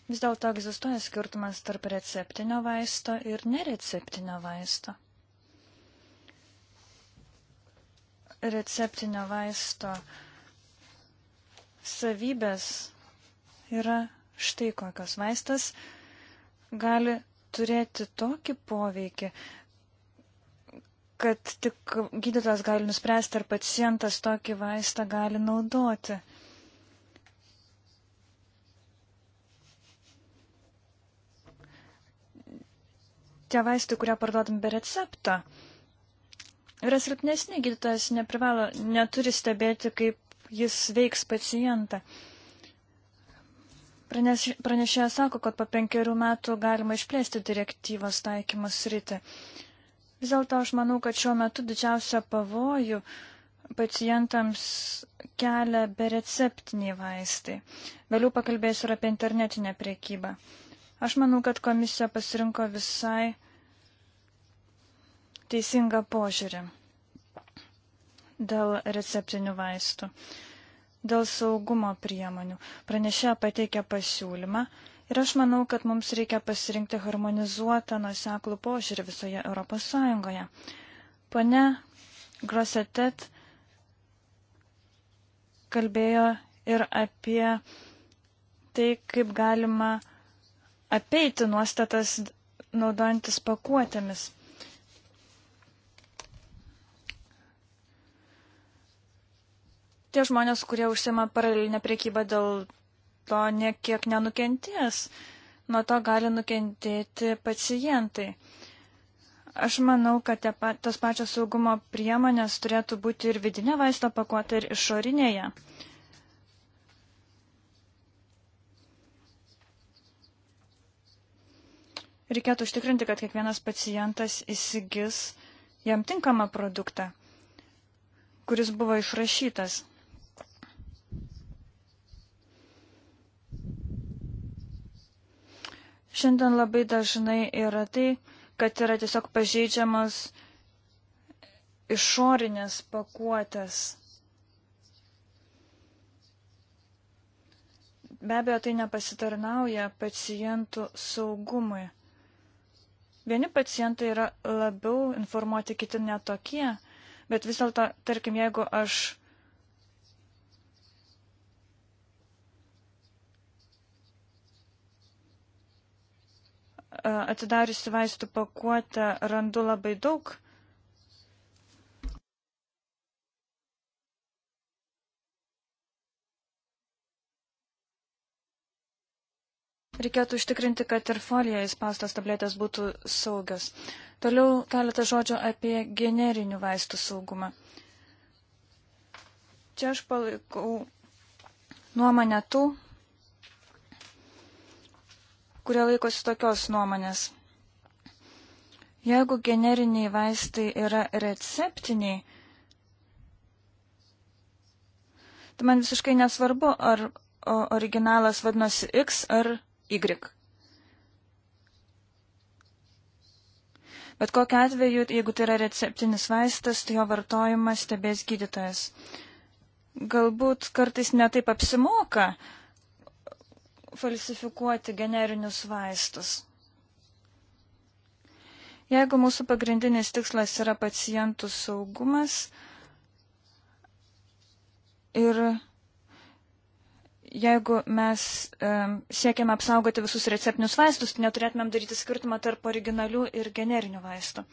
Vis dėlto egzistuoja skirtumas tarp receptinio vaisto ir nereceptinio vaisto. Receptinio vaisto savybės yra štai kokios. Vaistas gali turėti tokį poveikį, kad tik gydytojas gali nuspręsti, ar pacientas tokį vaistą gali naudoti. Tie vaistai, kurie parduodam be recepto, yra silpnesni, gydytojas neprivalo, neturi stebėti, kaip jis veiks pacientą. Pranešėjas sako, kad po penkerių metų galima išplėsti direktyvos taikymos rytį. Vis dėlto aš manau, kad šiuo metu didžiausia pavojų pacientams kelia bereceptiniai vaistai. Vėliau pakalbėsiu ir apie internetinę priekybą. Aš manau, kad komisija pasirinko visai teisingą požiūrį dėl receptinių vaistų, dėl saugumo priemonių. Pranešė pateikė pasiūlymą, Ir aš manau, kad mums reikia pasirinkti harmonizuotą nuseklų požiūrį visoje Europos Sąjungoje. Pone Grosetet kalbėjo ir apie tai, kaip galima apeiti nuostatas naudojantis pakuotėmis. Tie žmonės, kurie užsima paralelinę priekybą dėl to niekiek nenukentės. Nuo to gali nukentėti pacientai. Aš manau, kad tas pačios saugumo priemonės turėtų būti ir vidinė vaisto pakuotė, ir išorinėje. Reikėtų užtikrinti, kad kiekvienas pacientas įsigis jam tinkamą produktą, kuris buvo išrašytas. Šiandien labai dažnai yra tai, kad yra tiesiog pažeidžiamas išorinės pakuotės. Be abejo, tai nepasitarnauja pacientų saugumui. Vieni pacientai yra labiau informuoti, kiti netokie, bet vis dėlto, tarkim, jeigu aš atsidariusi vaistų pakuotę randu labai daug. Reikėtų užtikrinti, kad ir folija įspaustos tabletės būtų saugios. Toliau keletą žodžių apie generinių vaistų saugumą. Čia aš palaikau nuomonę tų, kurie laikosi tokios nuomonės. Jeigu generiniai vaistai yra receptiniai, tai man visiškai nesvarbu, ar originalas vadinosi X ar Y. Bet kokiu atveju, jeigu tai yra receptinis vaistas, tai jo vartojimas stebės gydytojas. Galbūt kartais netaip apsimoka uh, falsifikuoti generinius vaistus. Jeigu mūsų pagrindinis tikslas yra pacientų saugumas ir jeigu mes e, siekiam apsaugoti visus receptinius vaistus, tai neturėtumėm daryti skirtumą tarp originalių ir generinių vaistų.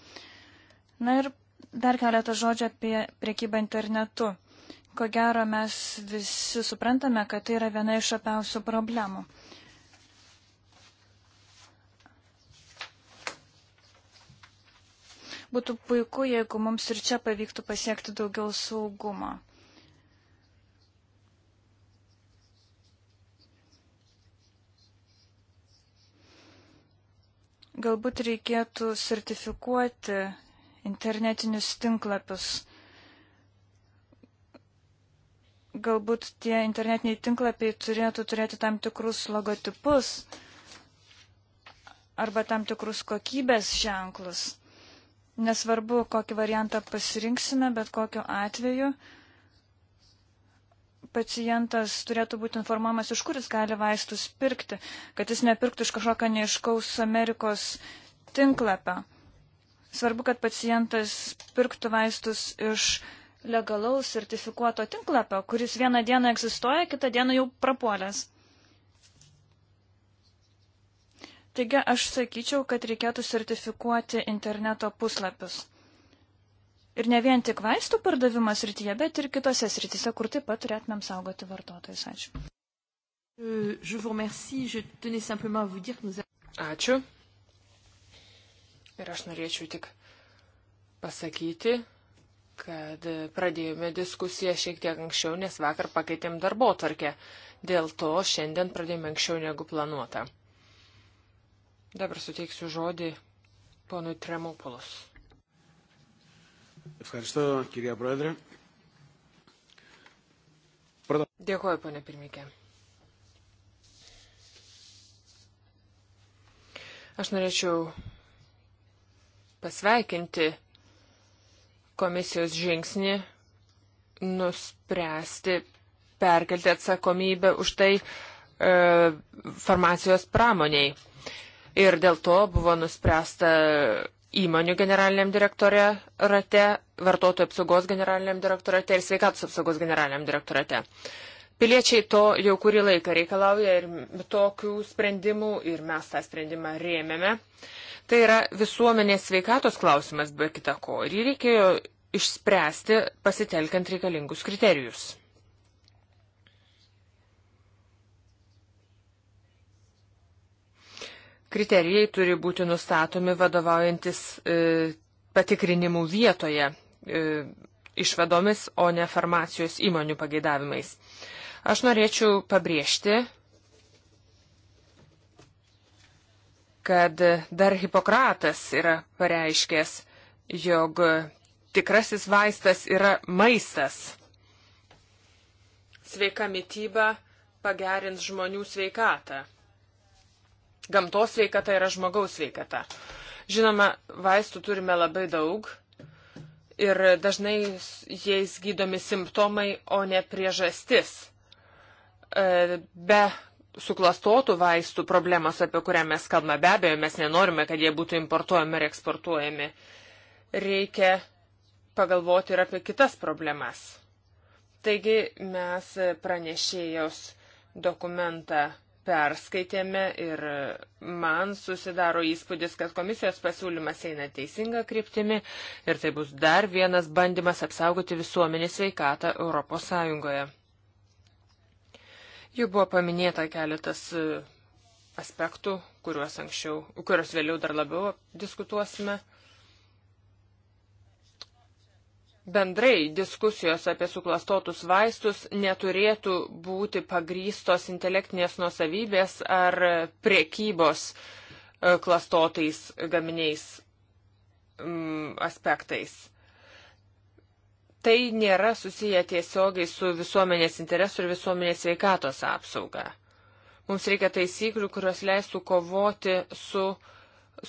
Na ir dar keletą žodžių apie priekybą internetu. Ko gero, mes visi suprantame, kad tai yra viena iš apiausių problemų. Būtų puiku, jeigu mums ir čia pavyktų pasiekti daugiau saugumo. galbūt reikėtų sertifikuoti internetinius tinklapius galbūt tie internetiniai tinklapiai turėtų turėti tam tikrus logotipus arba tam tikrus kokybės ženklus. Nesvarbu, kokį variantą pasirinksime, bet kokiu atveju pacientas turėtų būti informuojamas, iš kur jis gali vaistus pirkti, kad jis nepirktų iš kažkokio neiškaus Amerikos tinklapio. Svarbu, kad pacientas pirktų vaistus iš legalaus sertifikuoto tinklapio, kuris vieną dieną egzistuoja, kitą dieną jau prapuolęs. Taigi aš sakyčiau, kad reikėtų sertifikuoti interneto puslapius. Ir ne vien tik vaistų pardavimas rytyje, bet ir kitose srityse, kur taip pat turėtumėm saugoti vartotojus. Ačiū. Euh, Ačiū. Ir aš norėčiau tik pasakyti, kad pradėjome diskusiją šiek tiek anksčiau, nes vakar pakeitėm darbo tvarkę. Dėl to šiandien pradėjome anksčiau negu planuota. Dabar suteiksiu žodį ponui Tremopolus. Dėkuoju, ponė pirmikė. Aš norėčiau pasveikinti komisijos žingsnį nuspręsti perkelti atsakomybę už tai e, farmacijos pramoniai. Ir dėl to buvo nuspręsta įmonių generaliniam direktorate, vartotojų apsaugos generaliniam direktorate ir sveikatos apsaugos generaliniam direktorate. Piliečiai to jau kurį laiką reikalauja ir tokių sprendimų ir mes tą sprendimą rėmėme. Uh, Tai yra visuomenės sveikatos klausimas be kita ko ir jį reikėjo išspręsti pasitelkiant reikalingus kriterijus. Kriterijai turi būti nustatomi vadovaujantis e, patikrinimų vietoje e, išvadomis, o ne farmacijos įmonių pageidavimais. Aš norėčiau pabrėžti, kad dar Hipokratas yra pareiškęs, jog tikrasis vaistas yra maistas. Sveika mytyba pagerins žmonių sveikatą. Gamtos sveikata yra žmogaus sveikata. Žinoma, vaistų turime labai daug ir dažnai jais gydomi simptomai, o ne priežastis. E, be suklastotų vaistų problemos, apie kurią mes kalbame. Be abejo, mes nenorime, kad jie būtų importuojami ir eksportuojami. Reikia pagalvoti ir apie kitas problemas. Taigi mes pranešėjos dokumentą perskaitėme ir man susidaro įspūdis, kad komisijos pasiūlymas eina teisinga kryptimi ir tai bus dar vienas bandymas apsaugoti visuomenį sveikatą Europos Sąjungoje. Jau buvo paminėta keletas e, aspektų, kuriuos anksčiau, kuriuos vėliau dar labiau diskutuosime. Bendrai diskusijos apie suklastotus vaistus neturėtų būti pagrystos intelektinės nuosavybės ar priekybos e, klastotais gaminiais aspektais tai nėra susiję tiesiogiai su visuomenės interesu ir visuomenės sveikatos apsauga. Mums reikia taisyklių, kurios leistų kovoti su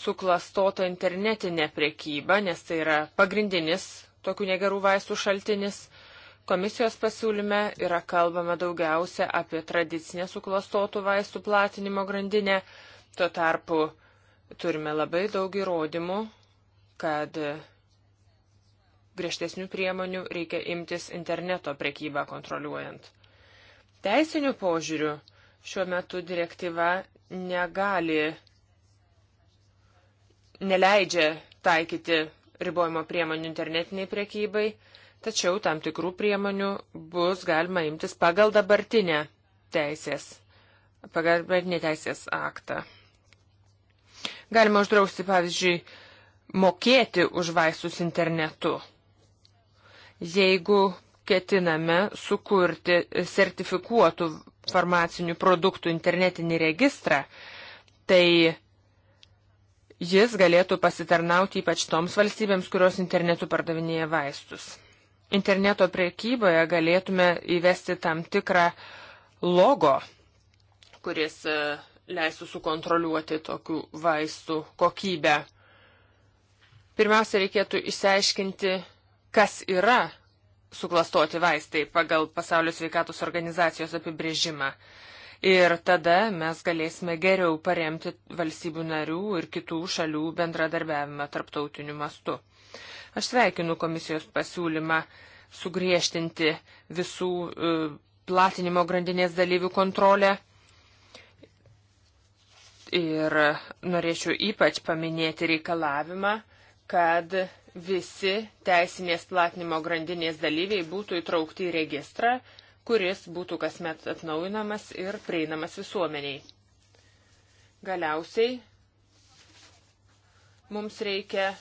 suklastota internetinė priekyba, nes tai yra pagrindinis tokių negerų vaistų šaltinis. Komisijos pasiūlyme yra kalbama daugiausia apie tradicinę suklastotų vaistų platinimo grandinę. Tuo tarpu turime labai daug įrodymų, kad griežtesnių priemonių reikia imtis interneto prekybą kontroliuojant. Teisinių požiūrių šiuo metu direktyva negali, neleidžia taikyti ribojimo priemonių internetiniai prekybai, tačiau tam tikrų priemonių bus galima imtis pagal dabartinę teisės, pagal dabartinį teisės aktą. Galima uždrausti, pavyzdžiui, mokėti už vaistus internetu jeigu ketiname sukurti sertifikuotų farmacinių produktų internetinį registrą, tai jis galėtų pasitarnauti ypač toms valstybėms, kurios internetu pardavinėja vaistus. Interneto prekyboje galėtume įvesti tam tikrą logo, kuris e, leistų sukontroliuoti tokių vaistų kokybę. Pirmiausia, reikėtų išsiaiškinti, kas yra suklastoti vaistai pagal pasaulio sveikatos organizacijos apibrėžimą. Ir tada mes galėsime geriau paremti valstybių narių ir kitų šalių bendradarbiavimą tarptautiniu mastu. Aš sveikinu komisijos pasiūlymą sugriežtinti visų e, platinimo grandinės dalyvių kontrolę. Ir norėčiau ypač paminėti reikalavimą, kad visi teisinės platinimo grandinės dalyviai būtų įtraukti į registrą, kuris būtų kasmet atnaujinamas ir prieinamas visuomeniai. Galiausiai mums reikia e,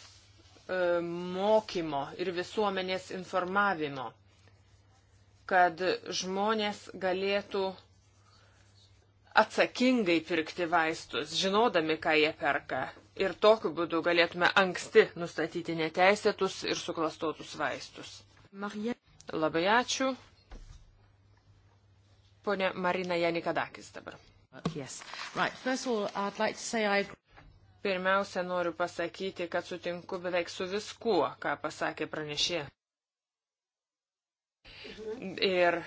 mokymo ir visuomenės informavimo, kad žmonės galėtų atsakingai pirkti vaistus, žinodami, ką jie perka, ir tokiu būdu galėtume anksti nustatyti neteisėtus ir suklastotus vaistus. Marija. Labai ačiū. Pone Marina Janikadakis dabar. Yes. Right. First of all, I'd like to say I... Pirmiausia, noriu pasakyti, kad sutinku beveik su viskuo, ką pasakė pranešė. Ir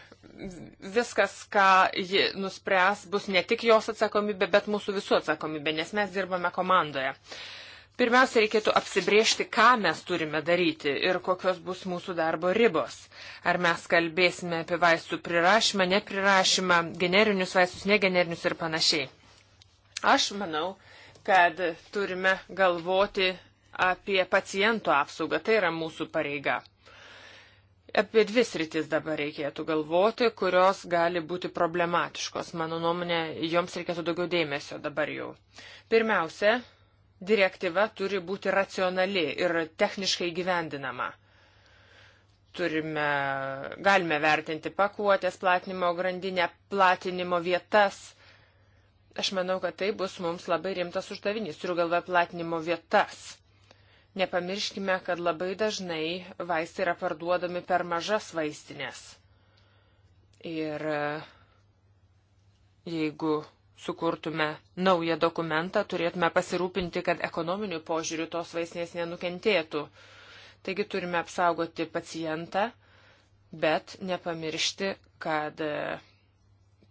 viskas, ką ji nuspręs, bus ne tik jos atsakomybė, bet mūsų visų atsakomybė, nes mes dirbame komandoje. Pirmiausia, reikėtų apsibriežti, ką mes turime daryti ir kokios bus mūsų darbo ribos. Ar mes kalbėsime apie vaistų prirašymą, neprirašymą, generinius vaistus, negenerinius ir panašiai. Aš manau, kad turime galvoti apie paciento apsaugą. Tai yra mūsų pareiga apie dvi sritis dabar reikėtų galvoti, kurios gali būti problematiškos. Mano nuomonė, joms reikėtų daugiau dėmesio dabar jau. Pirmiausia, direktyva turi būti racionali ir techniškai gyvendinama. Turime, galime vertinti pakuotės platinimo grandinę, platinimo vietas. Aš manau, kad tai bus mums labai rimtas uždavinys. Turiu galvoje platinimo vietas Nepamirškime, kad labai dažnai vaistai yra parduodami per mažas vaistinės. Ir e, jeigu sukurtume naują dokumentą, turėtume pasirūpinti, kad ekonominių požiūrių tos vaistinės nenukentėtų. Taigi turime apsaugoti pacientą, bet nepamiršti, kad e,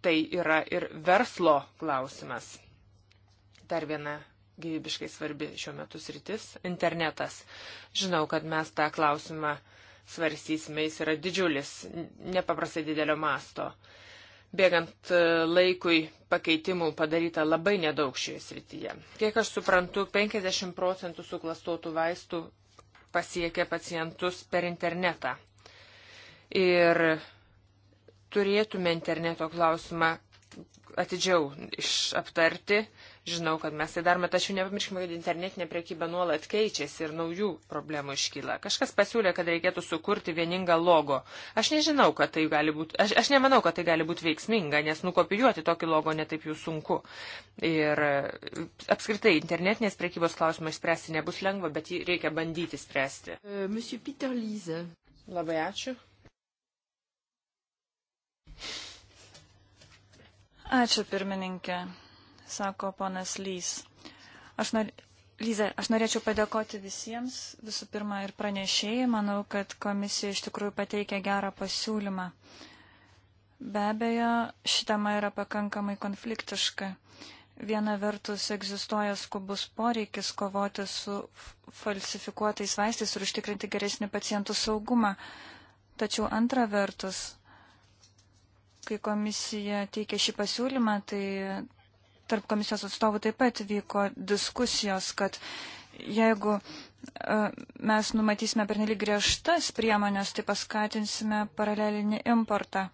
tai yra ir verslo klausimas. Dar viena gyvybiškai svarbi šiuo metu sritis - internetas. Žinau, kad mes tą klausimą svarstysime, jis yra didžiulis, nepaprastai didelio masto. Bėgant e, laikui pakeitimų padaryta labai nedaug šioje srityje. Kiek aš suprantu, 50 procentų suklastotų vaistų pasiekia pacientus per internetą. Ir turėtume interneto klausimą atidžiau aptarti, Žinau, kad mes tai darome, tačiau nepamirškime, kad internetinė priekyba nuolat keičiasi ir naujų problemų iškyla. Kažkas pasiūlė, kad reikėtų sukurti vieningą logo. Aš nežinau, kad tai gali būti, aš, aš nemanau, kad tai gali būti veiksminga, nes nukopijuoti tokį logo netaip jų sunku. Ir apskritai, internetinės priekybos klausimą išspręsti nebus lengva, bet jį reikia bandyti spręsti. Uh, Labai ačiū. Ačiū pirmininkė sako ponas Lys. Aš nor... Lyze, aš norėčiau padėkoti visiems, visų pirma ir pranešėjai, manau, kad komisija iš tikrųjų pateikė gerą pasiūlymą. Be abejo, ši tema yra pakankamai konfliktiška. Viena vertus egzistuoja skubus poreikis kovoti su falsifikuotais vaistais ir užtikrinti geresnį pacientų saugumą. Tačiau antra vertus, kai komisija teikė šį pasiūlymą, tai tarp komisijos atstovų taip pat vyko diskusijos, kad jeigu e, mes numatysime pernelyg griežtas priemonės, tai paskatinsime paralelinį importą.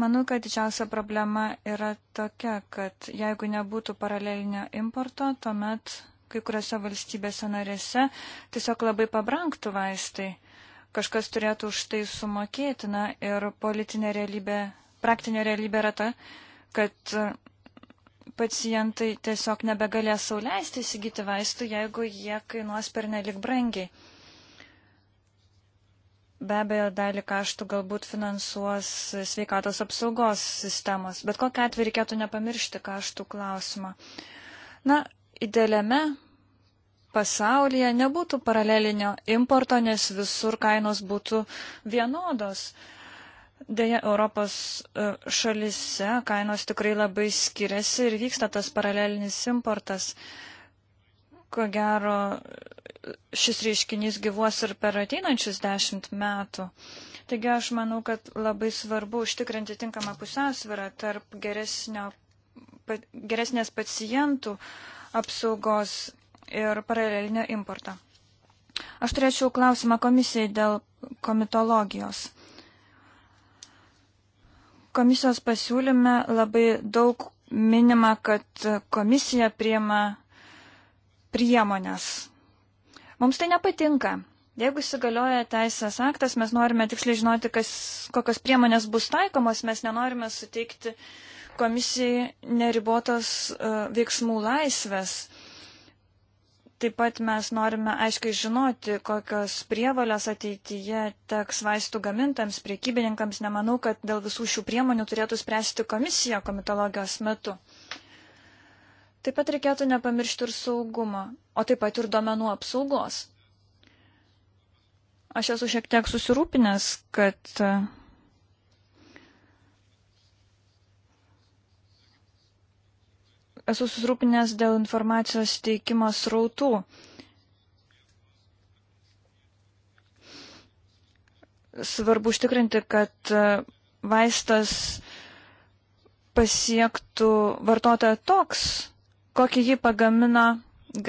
Manau, kad didžiausia problema yra tokia, kad jeigu nebūtų paralelinio importo, tuomet kai kuriuose valstybėse narėse tiesiog labai pabranktų vaistai. Kažkas turėtų už tai sumokėti, na ir politinė realybė, praktinė realybė yra ta, kad pacientai tiesiog nebegalės sauliaisti įsigyti vaistų, jeigu jie kainuos per nelik brangiai. Be abejo, dalį kaštų galbūt finansuos sveikatos apsaugos sistemos, bet kokią atveju reikėtų nepamiršti kaštų klausimą. Na, idealiame pasaulyje nebūtų paralelinio importo, nes visur kainos būtų vienodos. Uh, Deja, Europos e, šalise kainos tikrai labai skiriasi ir vyksta tas paralelinis importas. Ko gero, šis reiškinys gyvuos ir per ateinančius dešimt metų. Taigi aš manau, kad labai svarbu užtikrinti tinkamą pusiausvyrą tarp geresnio, geresnės pacientų apsaugos ir paralelinio importo. Aš turėčiau klausimą komisijai dėl komitologijos. Komisijos pasiūlyme labai daug minima, kad komisija priema priemonės. Mums tai nepatinka. Jeigu įsigalioja teisės aktas, mes norime tiksliai žinoti, kas, kokios priemonės bus taikomos, mes nenorime suteikti komisijai neribotos uh, veiksmų laisvės. Taip pat mes norime aiškiai žinoti, kokios prievalės ateityje teks vaistų gamintams, priekybininkams. Nemanau, kad dėl visų šių priemonių turėtų spręsti komisija komitologijos metu. Taip pat reikėtų nepamiršti ir saugumo, o taip pat ir duomenų apsaugos. Aš esu šiek tiek susirūpinęs, kad esu susirūpinęs dėl informacijos teikimo srautų. Svarbu užtikrinti, kad vaistas pasiektų vartotoją toks, kokį jį pagamina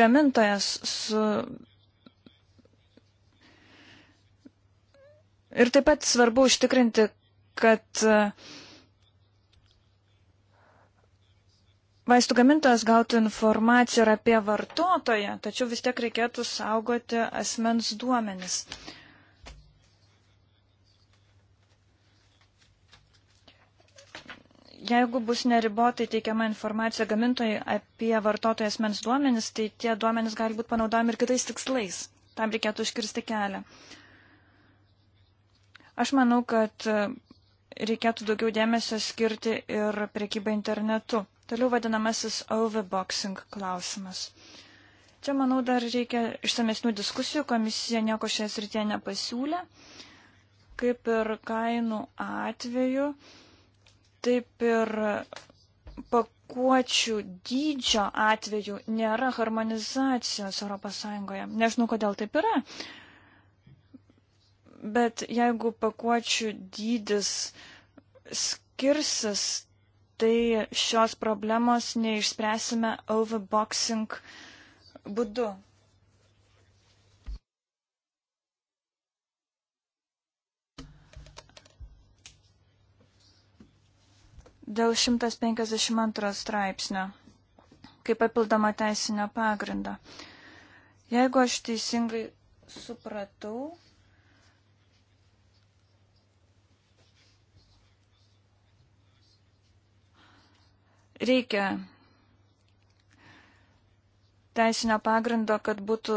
gamintojas su. Ir taip pat svarbu užtikrinti, kad uh, vaistų gamintojas gautų informaciją ir apie vartotoją, tačiau vis tiek reikėtų saugoti asmens duomenis. Jeigu bus neribotai teikiama informacija gamintojai apie vartotojo asmens duomenis, tai tie duomenis gali būti panaudojami ir kitais tikslais. Tam reikėtų iškirsti kelią. Aš manau, kad reikėtų daugiau dėmesio skirti ir priekybai internetu. Toliau vadinamasis overboxing klausimas. Čia, manau, dar reikia išsamesnių diskusijų, komisija nieko šioje srityje nepasiūlė. Kaip ir kainų atveju, taip ir pakuočių dydžio atveju nėra harmonizacijos ES. Nežinau, kodėl taip yra. Bet jeigu pakuočių dydis skirsis, tai šios problemos neišspręsime overboxing būdu. Dėl 152 straipsnio, kaip papildoma teisinio pagrindo. Jeigu aš teisingai supratau, Reikia teisinio pagrindo, kad būtų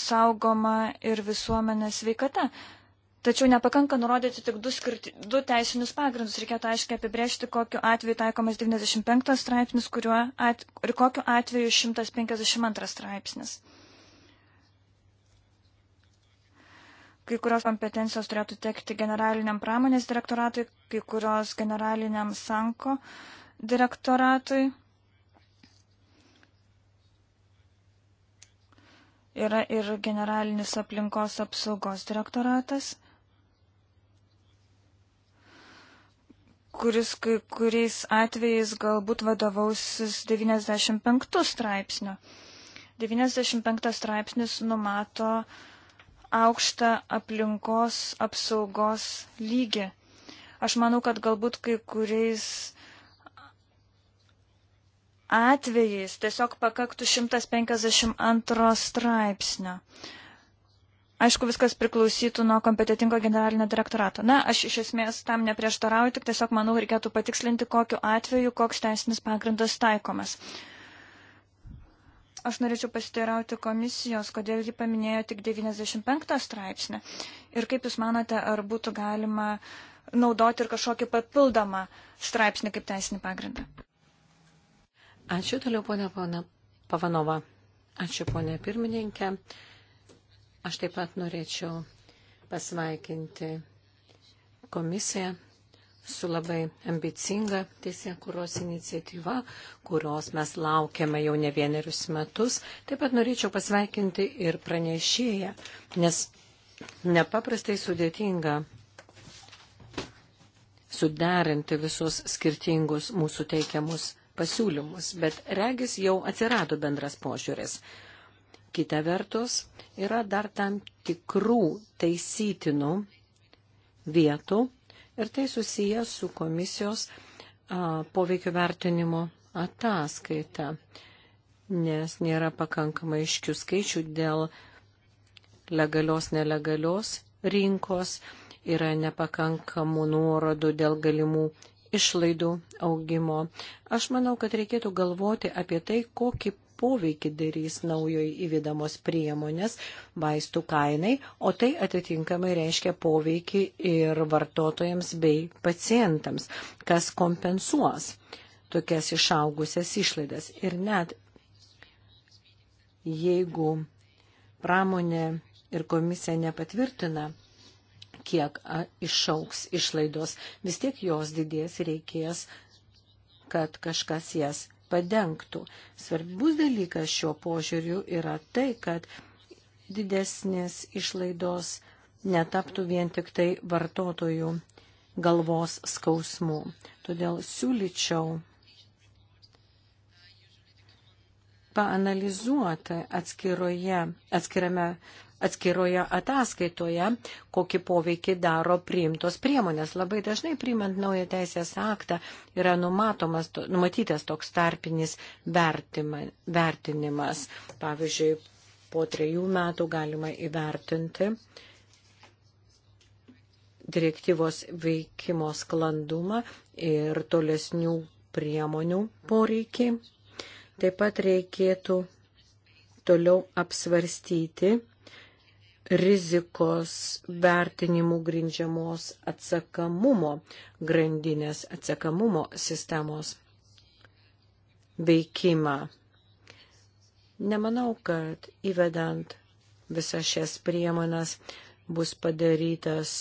saugoma ir visuomenės sveikata. Tačiau nepakanka nurodyti tik du, skirti, du teisinius pagrindus. Reikėtų aiškiai apibrėžti, kokiu atveju taikomas 95 straipsnis at, ir kokiu atveju 152 straipsnis. Kai kurios kompetencijos turėtų tekti generaliniam pramonės direktoratui, kai kurios generaliniam sanko direktoratui. Yra ir generalinis aplinkos apsaugos direktoratas, kuris kai kuriais atvejais galbūt vadovausis 95 straipsnio. 95 straipsnis numato aukštą aplinkos apsaugos lygį. Aš manau, kad galbūt kai kuriais atvejais tiesiog pakaktų 152 straipsnio. Aišku, viskas priklausytų nuo kompetitingo generalinio direktorato. Na, aš iš esmės tam neprieštarauju, tik tiesiog manau, reikėtų patikslinti, kokiu atveju, koks teisinis pagrindas taikomas. Aš norėčiau pasiteirauti komisijos, kodėl ji paminėjo tik 95 straipsnį ir kaip Jūs manote, ar būtų galima naudoti ir kažkokį papildomą straipsnį kaip teisinį pagrindą. Ačiū toliau, ponia pana Pavanova. Ačiū, ponia pirmininkė. Aš taip pat norėčiau pasveikinti komisiją su labai ambicinga teisė kuros iniciatyva, kurios mes laukiame jau ne vienerius metus. Taip pat norėčiau pasveikinti ir pranešėją, nes nepaprastai sudėtinga suderinti visus skirtingus mūsų teikiamus pasiūlymus, bet regis jau atsirado bendras požiūris. Kita vertus, yra dar tam tikrų taisytinų vietų ir tai susijęs su komisijos a, poveikio vertinimo ataskaita, nes nėra pakankamai iškių skaičių dėl legalios, nelegalios rinkos, yra nepakankamų nuorodų dėl galimų išlaidų augimo. Aš manau, kad reikėtų galvoti apie tai, kokį poveikį darys naujoj įvidamos priemonės vaistų kainai, o tai atitinkamai reiškia poveikį ir vartotojams bei pacientams, kas kompensuos tokias išaugusias išlaidas. Ir net jeigu pramonė ir komisija nepatvirtina kiek išauks išlaidos. Vis tiek jos didės reikės, kad kažkas jas padengtų. Svarbus dalykas šiuo požiūriu yra tai, kad didesnės išlaidos netaptų vien tik tai vartotojų galvos skausmų. Todėl siūlyčiau paanalizuoti atskiroje, atskirame atskiroje ataskaitoje, kokį poveikį daro priimtos priemonės. Labai dažnai priimant naują teisės aktą yra numatomas, numatytas toks tarpinis vertinimas. Pavyzdžiui, po trejų metų galima įvertinti direktyvos veikimo sklandumą ir tolesnių priemonių poreikį. Taip pat reikėtų toliau apsvarstyti rizikos vertinimų grindžiamos atsakamumo grandinės, atsakamumo sistemos veikimą. Nemanau, kad įvedant visas šias priemonas bus padarytas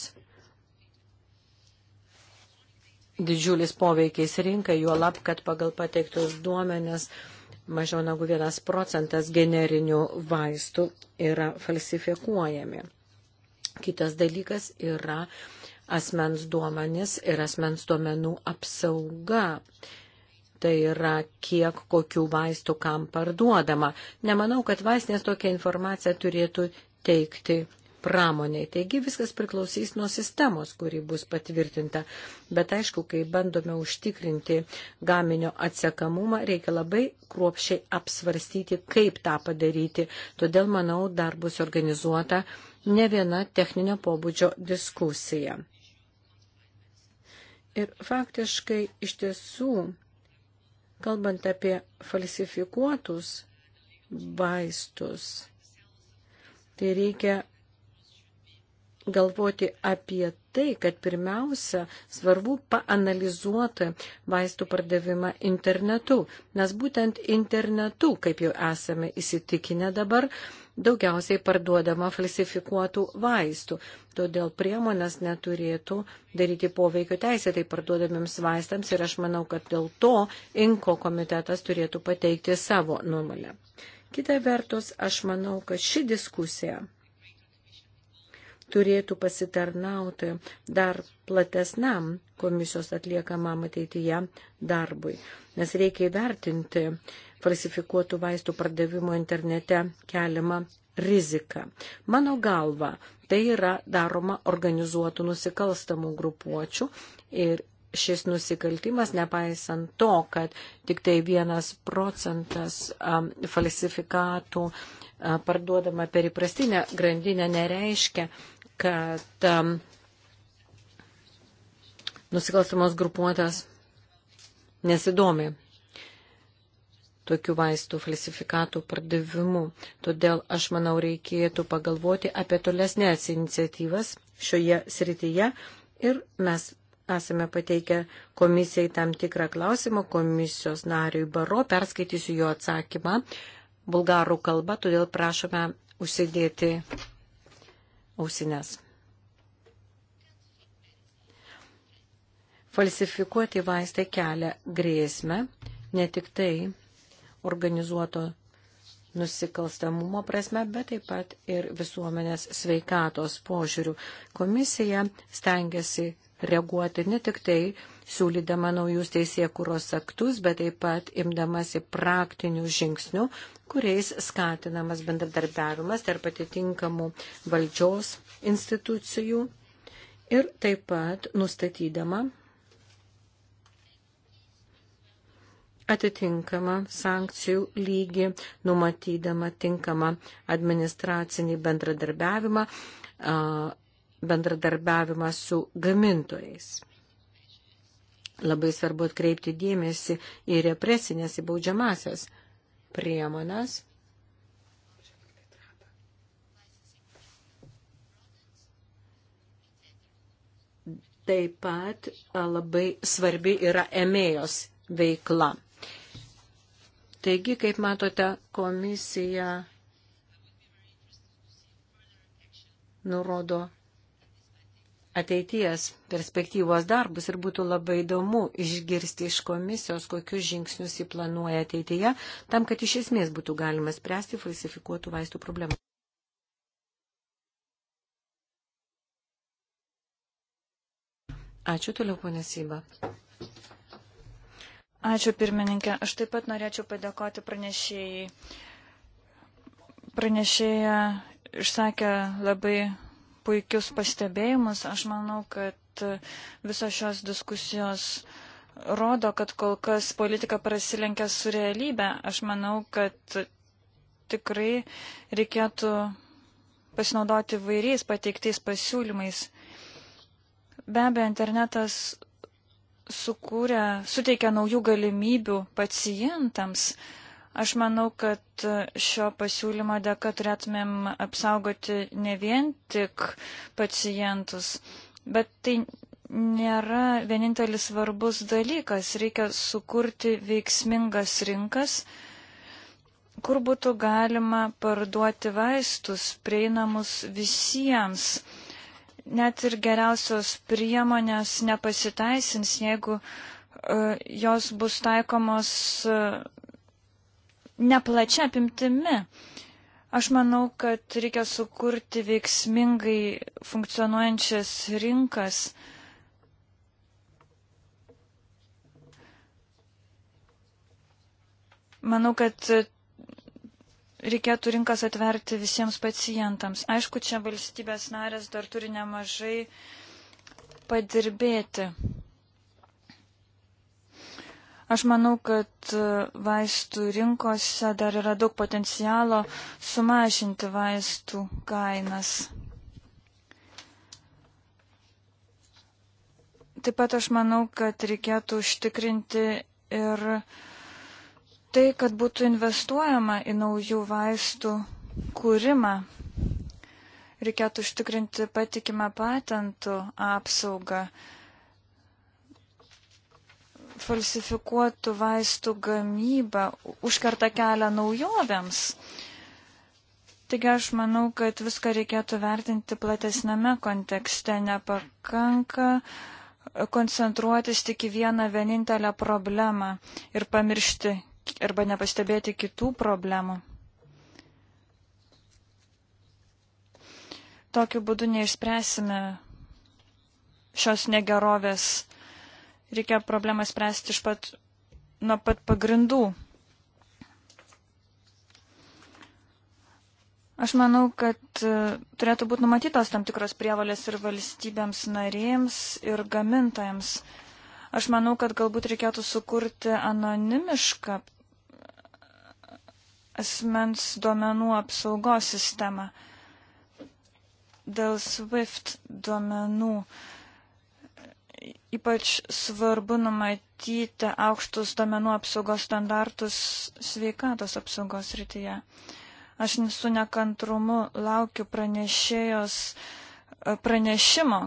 didžiulis poveikiais rinkai, juolab, kad pagal pateiktus duomenis mažiau negu vienas procentas generinių vaistų yra falsifikuojami. Kitas dalykas yra asmens duomenis ir asmens duomenų apsauga. Tai yra, kiek kokių vaistų kam parduodama. Nemanau, kad vaistinės tokią informaciją turėtų teikti pramoniai. Taigi viskas priklausys nuo sistemos, kuri bus patvirtinta. Bet aišku, kai bandome užtikrinti gaminio atsekamumą, reikia labai kruopšiai apsvarstyti, kaip tą padaryti. Todėl, manau, dar bus organizuota ne viena techninio pobūdžio diskusija. Ir faktiškai iš tiesų, kalbant apie falsifikuotus vaistus, tai reikia galvoti apie tai, kad pirmiausia svarbu paanalizuoti vaistų pardavimą internetu, nes būtent internetu, kaip jau esame įsitikinę dabar, daugiausiai parduodama falsifikuotų vaistų. Todėl priemonės neturėtų daryti poveikio teisėtai parduodamiems vaistams ir aš manau, kad dėl to Inko komitetas turėtų pateikti savo nuomonę. Kita vertus, aš manau, kad ši diskusija turėtų pasitarnauti dar platesnam komisijos atliekamam ateityje darbui, nes reikia įvertinti falsifikuotų vaistų pardavimo internete keliamą riziką. Mano galva, tai yra daroma organizuotų nusikalstamų grupuočių ir šis nusikaltimas, nepaisant to, kad tik tai vienas procentas um, falsifikatų uh, parduodama per įprastinę grandinę nereiškia, kad um, nusikalstamos grupuotės nesidomi tokių vaistų falsifikatų pardavimu. Todėl aš manau reikėtų pagalvoti apie tolesnės iniciatyvas šioje srityje ir mes esame pateikę komisijai tam tikrą klausimą, komisijos nariui Baro, perskaitysiu jo atsakymą bulgarų kalba, todėl prašome užsidėti ausinės. Falsifikuoti vaistai kelia grėsmę ne tik tai organizuoto nusikalstamumo prasme, bet taip pat ir visuomenės sveikatos požiūrių. Komisija stengiasi reaguoti ne tik tai siūlydama naujus teisėkuros aktus, bet taip pat imdamasi praktinių žingsnių, kuriais skatinamas bendradarbiavimas tarp atitinkamų valdžios institucijų ir taip pat nustatydama atitinkamą sankcijų lygį, numatydama tinkamą administracinį bendradarbiavimą, bendradarbiavimą su gamintojais. Labai svarbu atkreipti dėmesį į represinės, į baudžiamasias priemonas. Taip pat labai svarbi yra emėjos veikla. Taigi, kaip matote, komisija nurodo ateities perspektyvos darbus ir būtų labai įdomu išgirsti iš komisijos, kokius žingsnius jį planuoja ateityje, tam, kad iš esmės būtų galima spręsti falsifikuotų vaistų problemą. Ačiū toliau, ponė Syba. Ačiū pirmininkė. Aš taip pat norėčiau padėkoti pranešėjai. Pranešėja išsakė labai puikius pastebėjimus. Aš manau, kad visos šios diskusijos rodo, kad kol kas politika prasilenkia su realybė. Aš manau, kad tikrai reikėtų pasinaudoti vairiais pateiktais pasiūlymais. Be abejo, internetas sukūrė, suteikia naujų galimybių pacientams, uh, Aš manau, kad šio pasiūlymo dėka turėtumėm apsaugoti ne vien tik pacientus, bet tai nėra vienintelis svarbus dalykas. Reikia sukurti veiksmingas rinkas, kur būtų galima parduoti vaistus prieinamus visiems. Net ir geriausios priemonės nepasiteisins, jeigu e, jos bus taikomos e, neplačia apimtimi. Aš manau, kad reikia sukurti veiksmingai funkcionuojančias rinkas. Manau, kad reikėtų rinkas atverti visiems pacientams. Aišku, čia valstybės narės dar turi nemažai padirbėti. Aš manau, kad e, vaistų rinkose dar yra daug potencialo sumažinti vaistų kainas. Taip pat aš manau, kad reikėtų užtikrinti ir tai, kad būtų investuojama į naujų vaistų kūrimą. Reikėtų užtikrinti patikimą patentų apsaugą falsifikuotų vaistų gamyba užkerta kelią naujovėms. Taigi aš manau, kad viską reikėtų vertinti platesname kontekste. Nepakanka koncentruotis tik į vieną vienintelę problemą ir pamiršti arba nepastebėti kitų problemų. Tokiu būdu neišspręsime šios negerovės Reikia problemą spręsti iš pat, nuo pat pagrindų. Aš manau, kad e, turėtų būti numatytos tam tikros prievalės ir valstybėms narėms, ir gamintojams. Aš manau, kad galbūt reikėtų sukurti anonimišką asmens duomenų apsaugos sistemą. Dėl SWIFT duomenų. Uh, ypač svarbu numatyti aukštus domenų apsaugos standartus sveikatos apsaugos rytyje. Aš su nekantrumu laukiu pranešėjos e, pranešimo.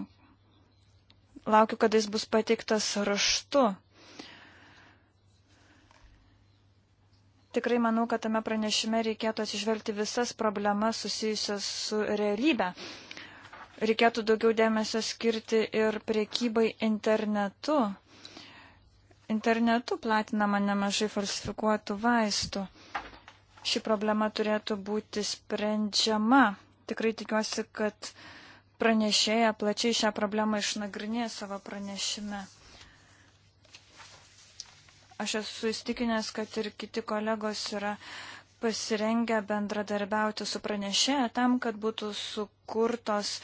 Laukiu, kada jis bus pateiktas raštu. Tikrai manau, kad tame pranešime reikėtų atsižvelgti visas problemas susijusias su realybė. Uh, reikėtų daugiau dėmesio skirti ir priekybai internetu. Internetu platinama nemažai falsifikuotų vaistų. Ši problema turėtų būti sprendžiama. Tikrai tikiuosi, kad pranešėja plačiai šią problemą išnagrinėja savo pranešime. Aš esu įstikinęs, kad ir kiti kolegos yra pasirengę bendradarbiauti su pranešėja tam, kad būtų sukurtos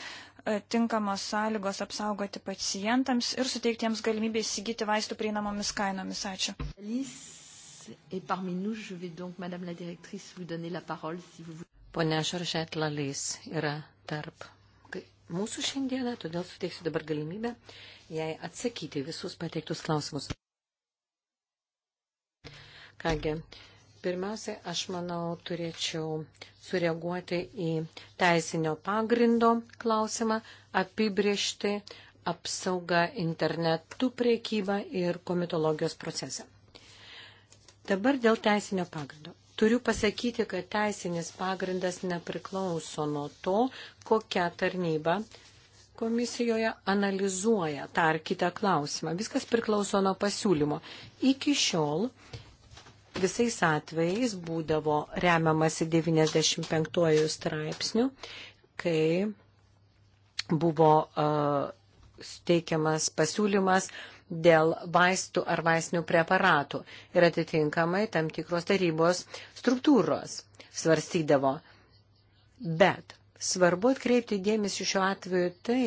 E, tinkamos sąlygos apsaugoti pacientams ir suteikti jiems galimybę įsigyti vaistų prieinamomis kainomis. Ačiū. Pone Šaršet Lalys yra tarp mūsų šiandieną, todėl suteiksiu dabar galimybę jai atsakyti visus pateiktus klausimus. Kągi, Pirmiausia, aš manau, turėčiau sureaguoti į teisinio pagrindo klausimą, apibriežti apsaugą internetų priekybą ir komitologijos procesą. Dabar dėl teisinio pagrindo. Turiu pasakyti, kad teisinis pagrindas nepriklauso nuo to, kokia tarnyba komisijoje analizuoja tą ar kitą klausimą. Viskas priklauso nuo pasiūlymo. Iki šiol visais atvejais būdavo remiamasi 95 straipsnių, kai buvo uh, steikiamas pasiūlymas dėl vaistų ar vaistinių preparatų ir atitinkamai tam tikros tarybos struktūros svarstydavo. Bet svarbu atkreipti dėmesį šiuo atveju tai,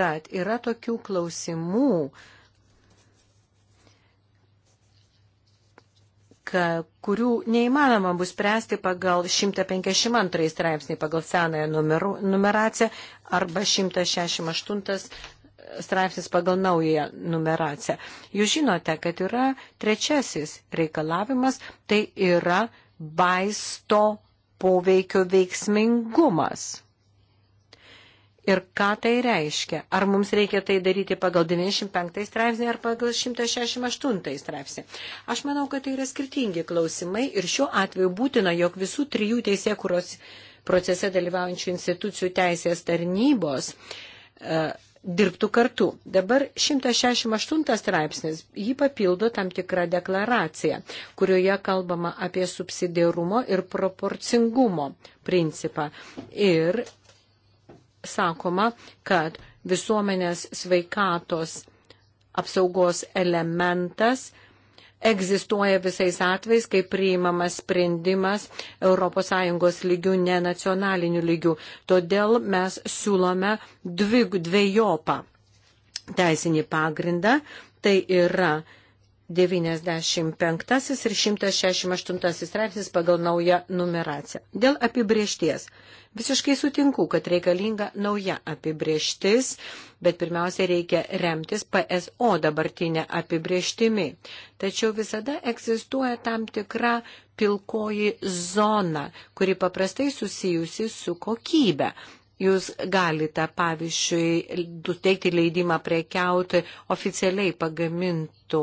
kad yra tokių klausimų, uh, kurių neįmanoma bus spręsti pagal 152 straipsnį pagal senąją numeru, numeraciją arba 168 e, straipsnis pagal naują numeraciją. Jūs žinote, kad yra trečiasis reikalavimas, tai yra vaisto poveikio veiksmingumas. Ir ką tai reiškia? Ar mums reikia tai daryti pagal 95 straipsnį ar pagal 168 straipsnį? Aš manau, kad tai yra skirtingi klausimai ir šiuo atveju būtina, jog visų trijų teisėkuros procese dalyvaujančių institucijų teisės tarnybos e, dirbtų kartu. Dabar 168 straipsnis jį papildo tam tikrą deklaraciją, kurioje kalbama apie subsidiarumo ir proporcingumo principą. Ir sakoma, kad visuomenės sveikatos apsaugos elementas egzistuoja visais atvejais, kai priimamas sprendimas ES lygių, ne nacionalinių lygių. Todėl mes siūlome dvig, dviejopą teisinį pagrindą. Tai yra 95 ir 168 straipsnis pagal naują numeraciją. Dėl apibriešties. Visiškai sutinku, kad reikalinga nauja apibrieštis, bet pirmiausia reikia remtis PSO dabartinę apibrieštimi. Tačiau visada egzistuoja tam tikra pilkoji zona, kuri paprastai susijusi su kokybė. Jūs galite, pavyzdžiui, suteikti leidimą prekiauti oficialiai pagamintų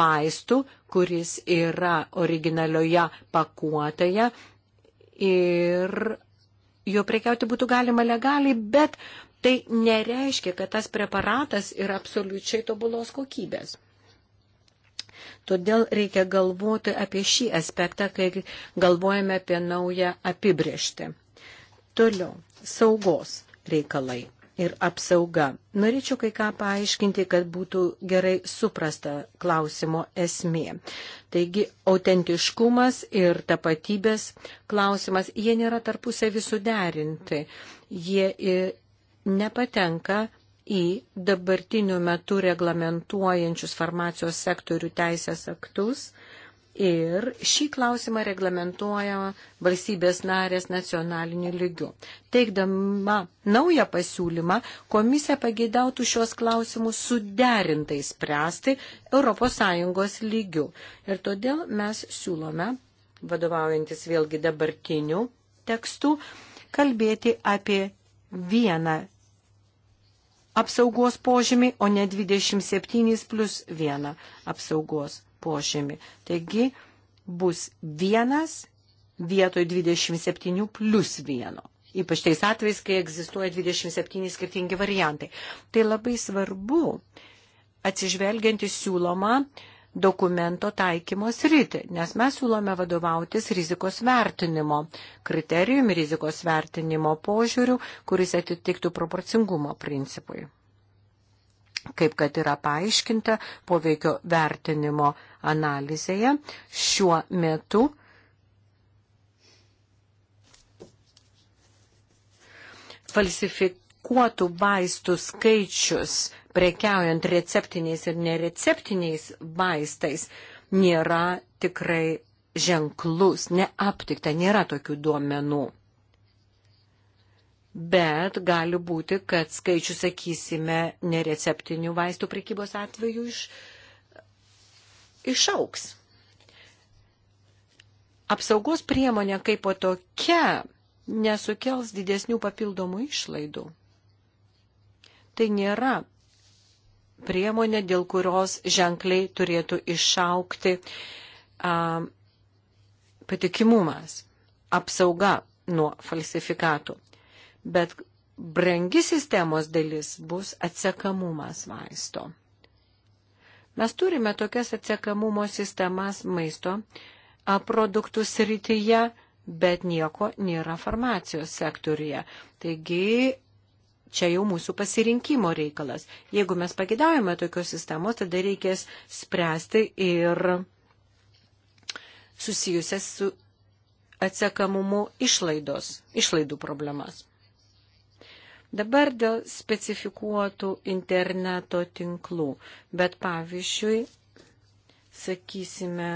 vaistų, kuris yra originalioje pakuotėje ir jo prekiauti būtų galima legaliai, bet tai nereiškia, kad tas preparatas yra absoliučiai tobulos kokybės. Todėl reikia galvoti apie šį aspektą, kai galvojame apie naują apibriežtį. Toliau, saugos reikalai ir apsauga. Norėčiau kai ką paaiškinti, kad būtų gerai suprasta klausimo esmė. Taigi, autentiškumas ir tapatybės klausimas, jie nėra tarpusavį suderinti. Jie nepatenka į dabartinių metų reglamentuojančius farmacijos sektorių teisės aktus ir šį klausimą reglamentuoja valstybės narės nacionaliniu lygiu. Teikdama naują pasiūlymą, komisija pageidautų šios klausimus suderintai spręsti ES lygiu. Ir todėl mes siūlome, vadovaujantis vėlgi dabartiniu tekstu, kalbėti apie vieną apsaugos požymį, o ne 27 plus 1 apsaugos požymį. Taigi bus vienas vietoj 27 plus vieno. Ypač tais atvejais, kai egzistuoja 27 skirtingi variantai. Tai labai svarbu, atsižvelgianti siūloma dokumento taikymo sritį, nes mes siūlome vadovautis rizikos vertinimo kriterijumi, rizikos vertinimo požiūriu, kuris atitiktų proporcingumo principui kaip kad yra paaiškinta poveikio vertinimo analizėje, šiuo metu falsifikuotų vaistų skaičius prekiaujant receptiniais ir nereceptiniais vaistais nėra tikrai ženklus, neaptikta, nėra tokių duomenų bet gali būti, kad skaičių, sakysime, nereceptinių vaistų prekybos atveju iš, išauks. Apsaugos priemonė kaip po tokia nesukels didesnių papildomų išlaidų. Tai nėra priemonė, dėl kurios ženkliai turėtų išaukti a, patikimumas, apsauga nuo falsifikatų bet brangi sistemos dalis bus atsekamumas vaisto. Mes turime tokias atsekamumo sistemas maisto produktų srityje, bet nieko nėra farmacijos sektorija. Taigi čia jau mūsų pasirinkimo reikalas. Jeigu mes pagidaujame tokios sistemos, tada reikės spręsti ir susijusias su atsekamumu išlaidos, išlaidų problemas. Dabar dėl specifikuotų interneto tinklų, bet pavyzdžiui, sakysime,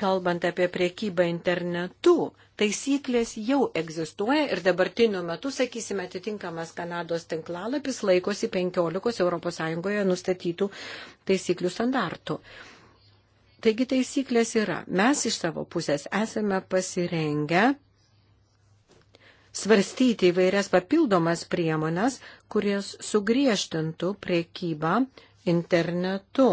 kalbant apie priekybą internetu, taisyklės jau egzistuoja ir dabartiniu metu, sakysime, atitinkamas Kanados tinklalapis laikosi 15 ES nustatytų taisyklių standartų. Taigi taisyklės yra. Mes iš savo pusės esame pasirengę svarstyti įvairias papildomas priemonės, kurios sugriežtintų priekybą internetu.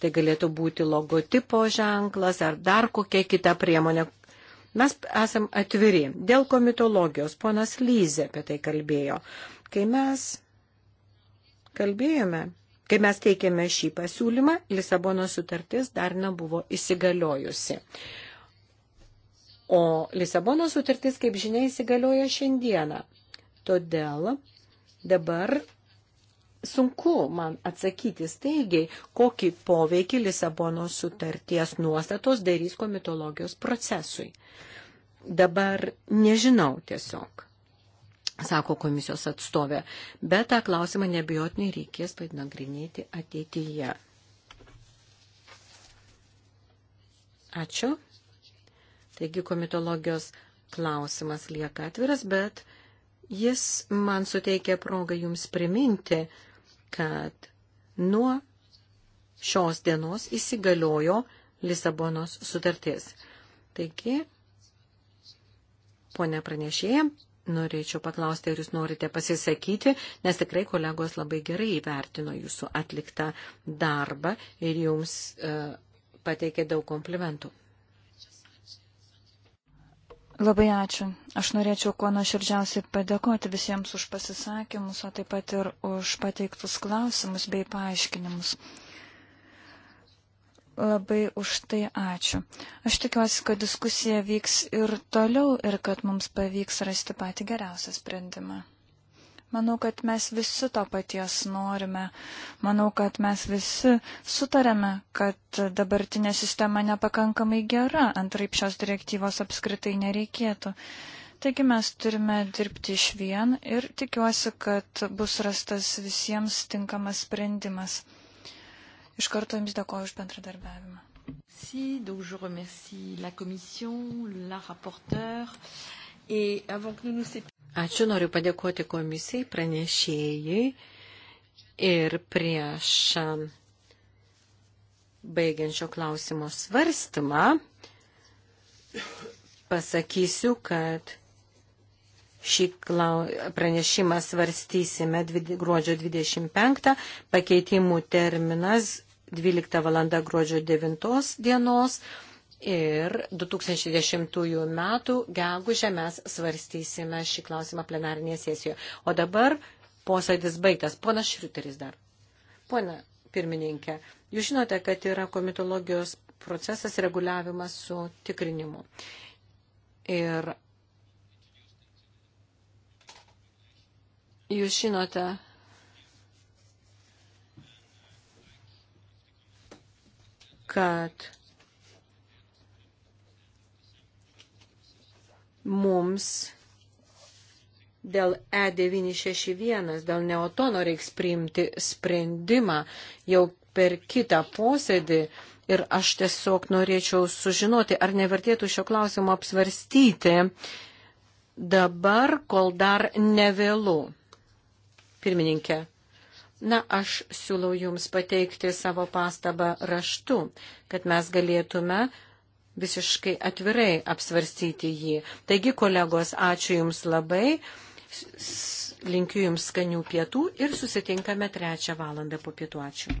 Tai galėtų būti logotipo ženklas ar dar kokia kita priemonė. Mes esam atviri. Dėl komitologijos ponas Lyze apie tai kalbėjo. Kai mes kalbėjome, kai mes teikėme šį pasiūlymą, Lisabono sutartis dar nebuvo įsigaliojusi. O Lisabono sutartis, kaip žinia, įsigalioja šiandieną. Todėl dabar sunku man atsakyti staigiai, kokį poveikį Lisabono sutarties nuostatos darys komitologijos procesui. Dabar nežinau tiesiog, sako komisijos atstovė, bet tą klausimą nebijotinai reikės padnagrinėti ateityje. Ačiū. Taigi komitologijos klausimas lieka atviras, bet jis man suteikė progą jums priminti, kad nuo šios dienos įsigaliojo Lisabonos sutartis. Taigi, ponė pranešėja, norėčiau paklausti, ar jūs norite pasisakyti, nes tikrai kolegos labai gerai įvertino jūsų atliktą darbą ir jums uh, pateikė daug komplimentų. Labai ačiū. Aš norėčiau kuo nuoširdžiausiai padėkoti visiems už pasisakymus, o taip pat ir už pateiktus klausimus bei paaiškinimus. Labai už tai ačiū. Aš tikiuosi, kad diskusija vyks ir toliau ir kad mums pavyks rasti patį geriausią sprendimą. Manau, kad mes visi to paties norime. Manau, kad mes visi sutarėme, kad dabartinė sistema nepakankamai gera, antraip šios direktyvos apskritai nereikėtų. Taigi mes turime dirbti iš vien ir tikiuosi, kad bus rastas visiems tinkamas sprendimas. Iš karto Jums dėkoju už bendradarbiavimą. Merci. Donc je remercie la Commission, la rapporteure. Et avant que nous nous séparions, Ačiū, noriu padėkoti komisijai, pranešėjai ir prieš baigiančio klausimo svarstymą pasakysiu, kad šį pranešimą svarstysime gruodžio 25, pakeitimų terminas 12 val. gruodžio 9 dienos, ir 2010 metų gegužę mes svarstysime šį klausimą plenarinėje sesijoje. O dabar posėdis baigtas. Pona Šriuteris dar. Pone pirmininkė, jūs žinote, kad yra komitologijos procesas reguliavimas su tikrinimu. Ir jūs žinote, kad mums dėl E961, dėl neotono reiks priimti sprendimą jau per kitą posėdį. Ir aš tiesiog norėčiau sužinoti, ar nevertėtų šio klausimo apsvarstyti dabar, kol dar nevėlu. Pirmininkė, na, aš siūlau Jums pateikti savo pastabą raštu, kad mes galėtume visiškai atvirai apsvarstyti jį. Taigi, kolegos, ačiū Jums labai, linkiu Jums skanių pietų ir susitinkame trečią valandą po pietų. Ačiū.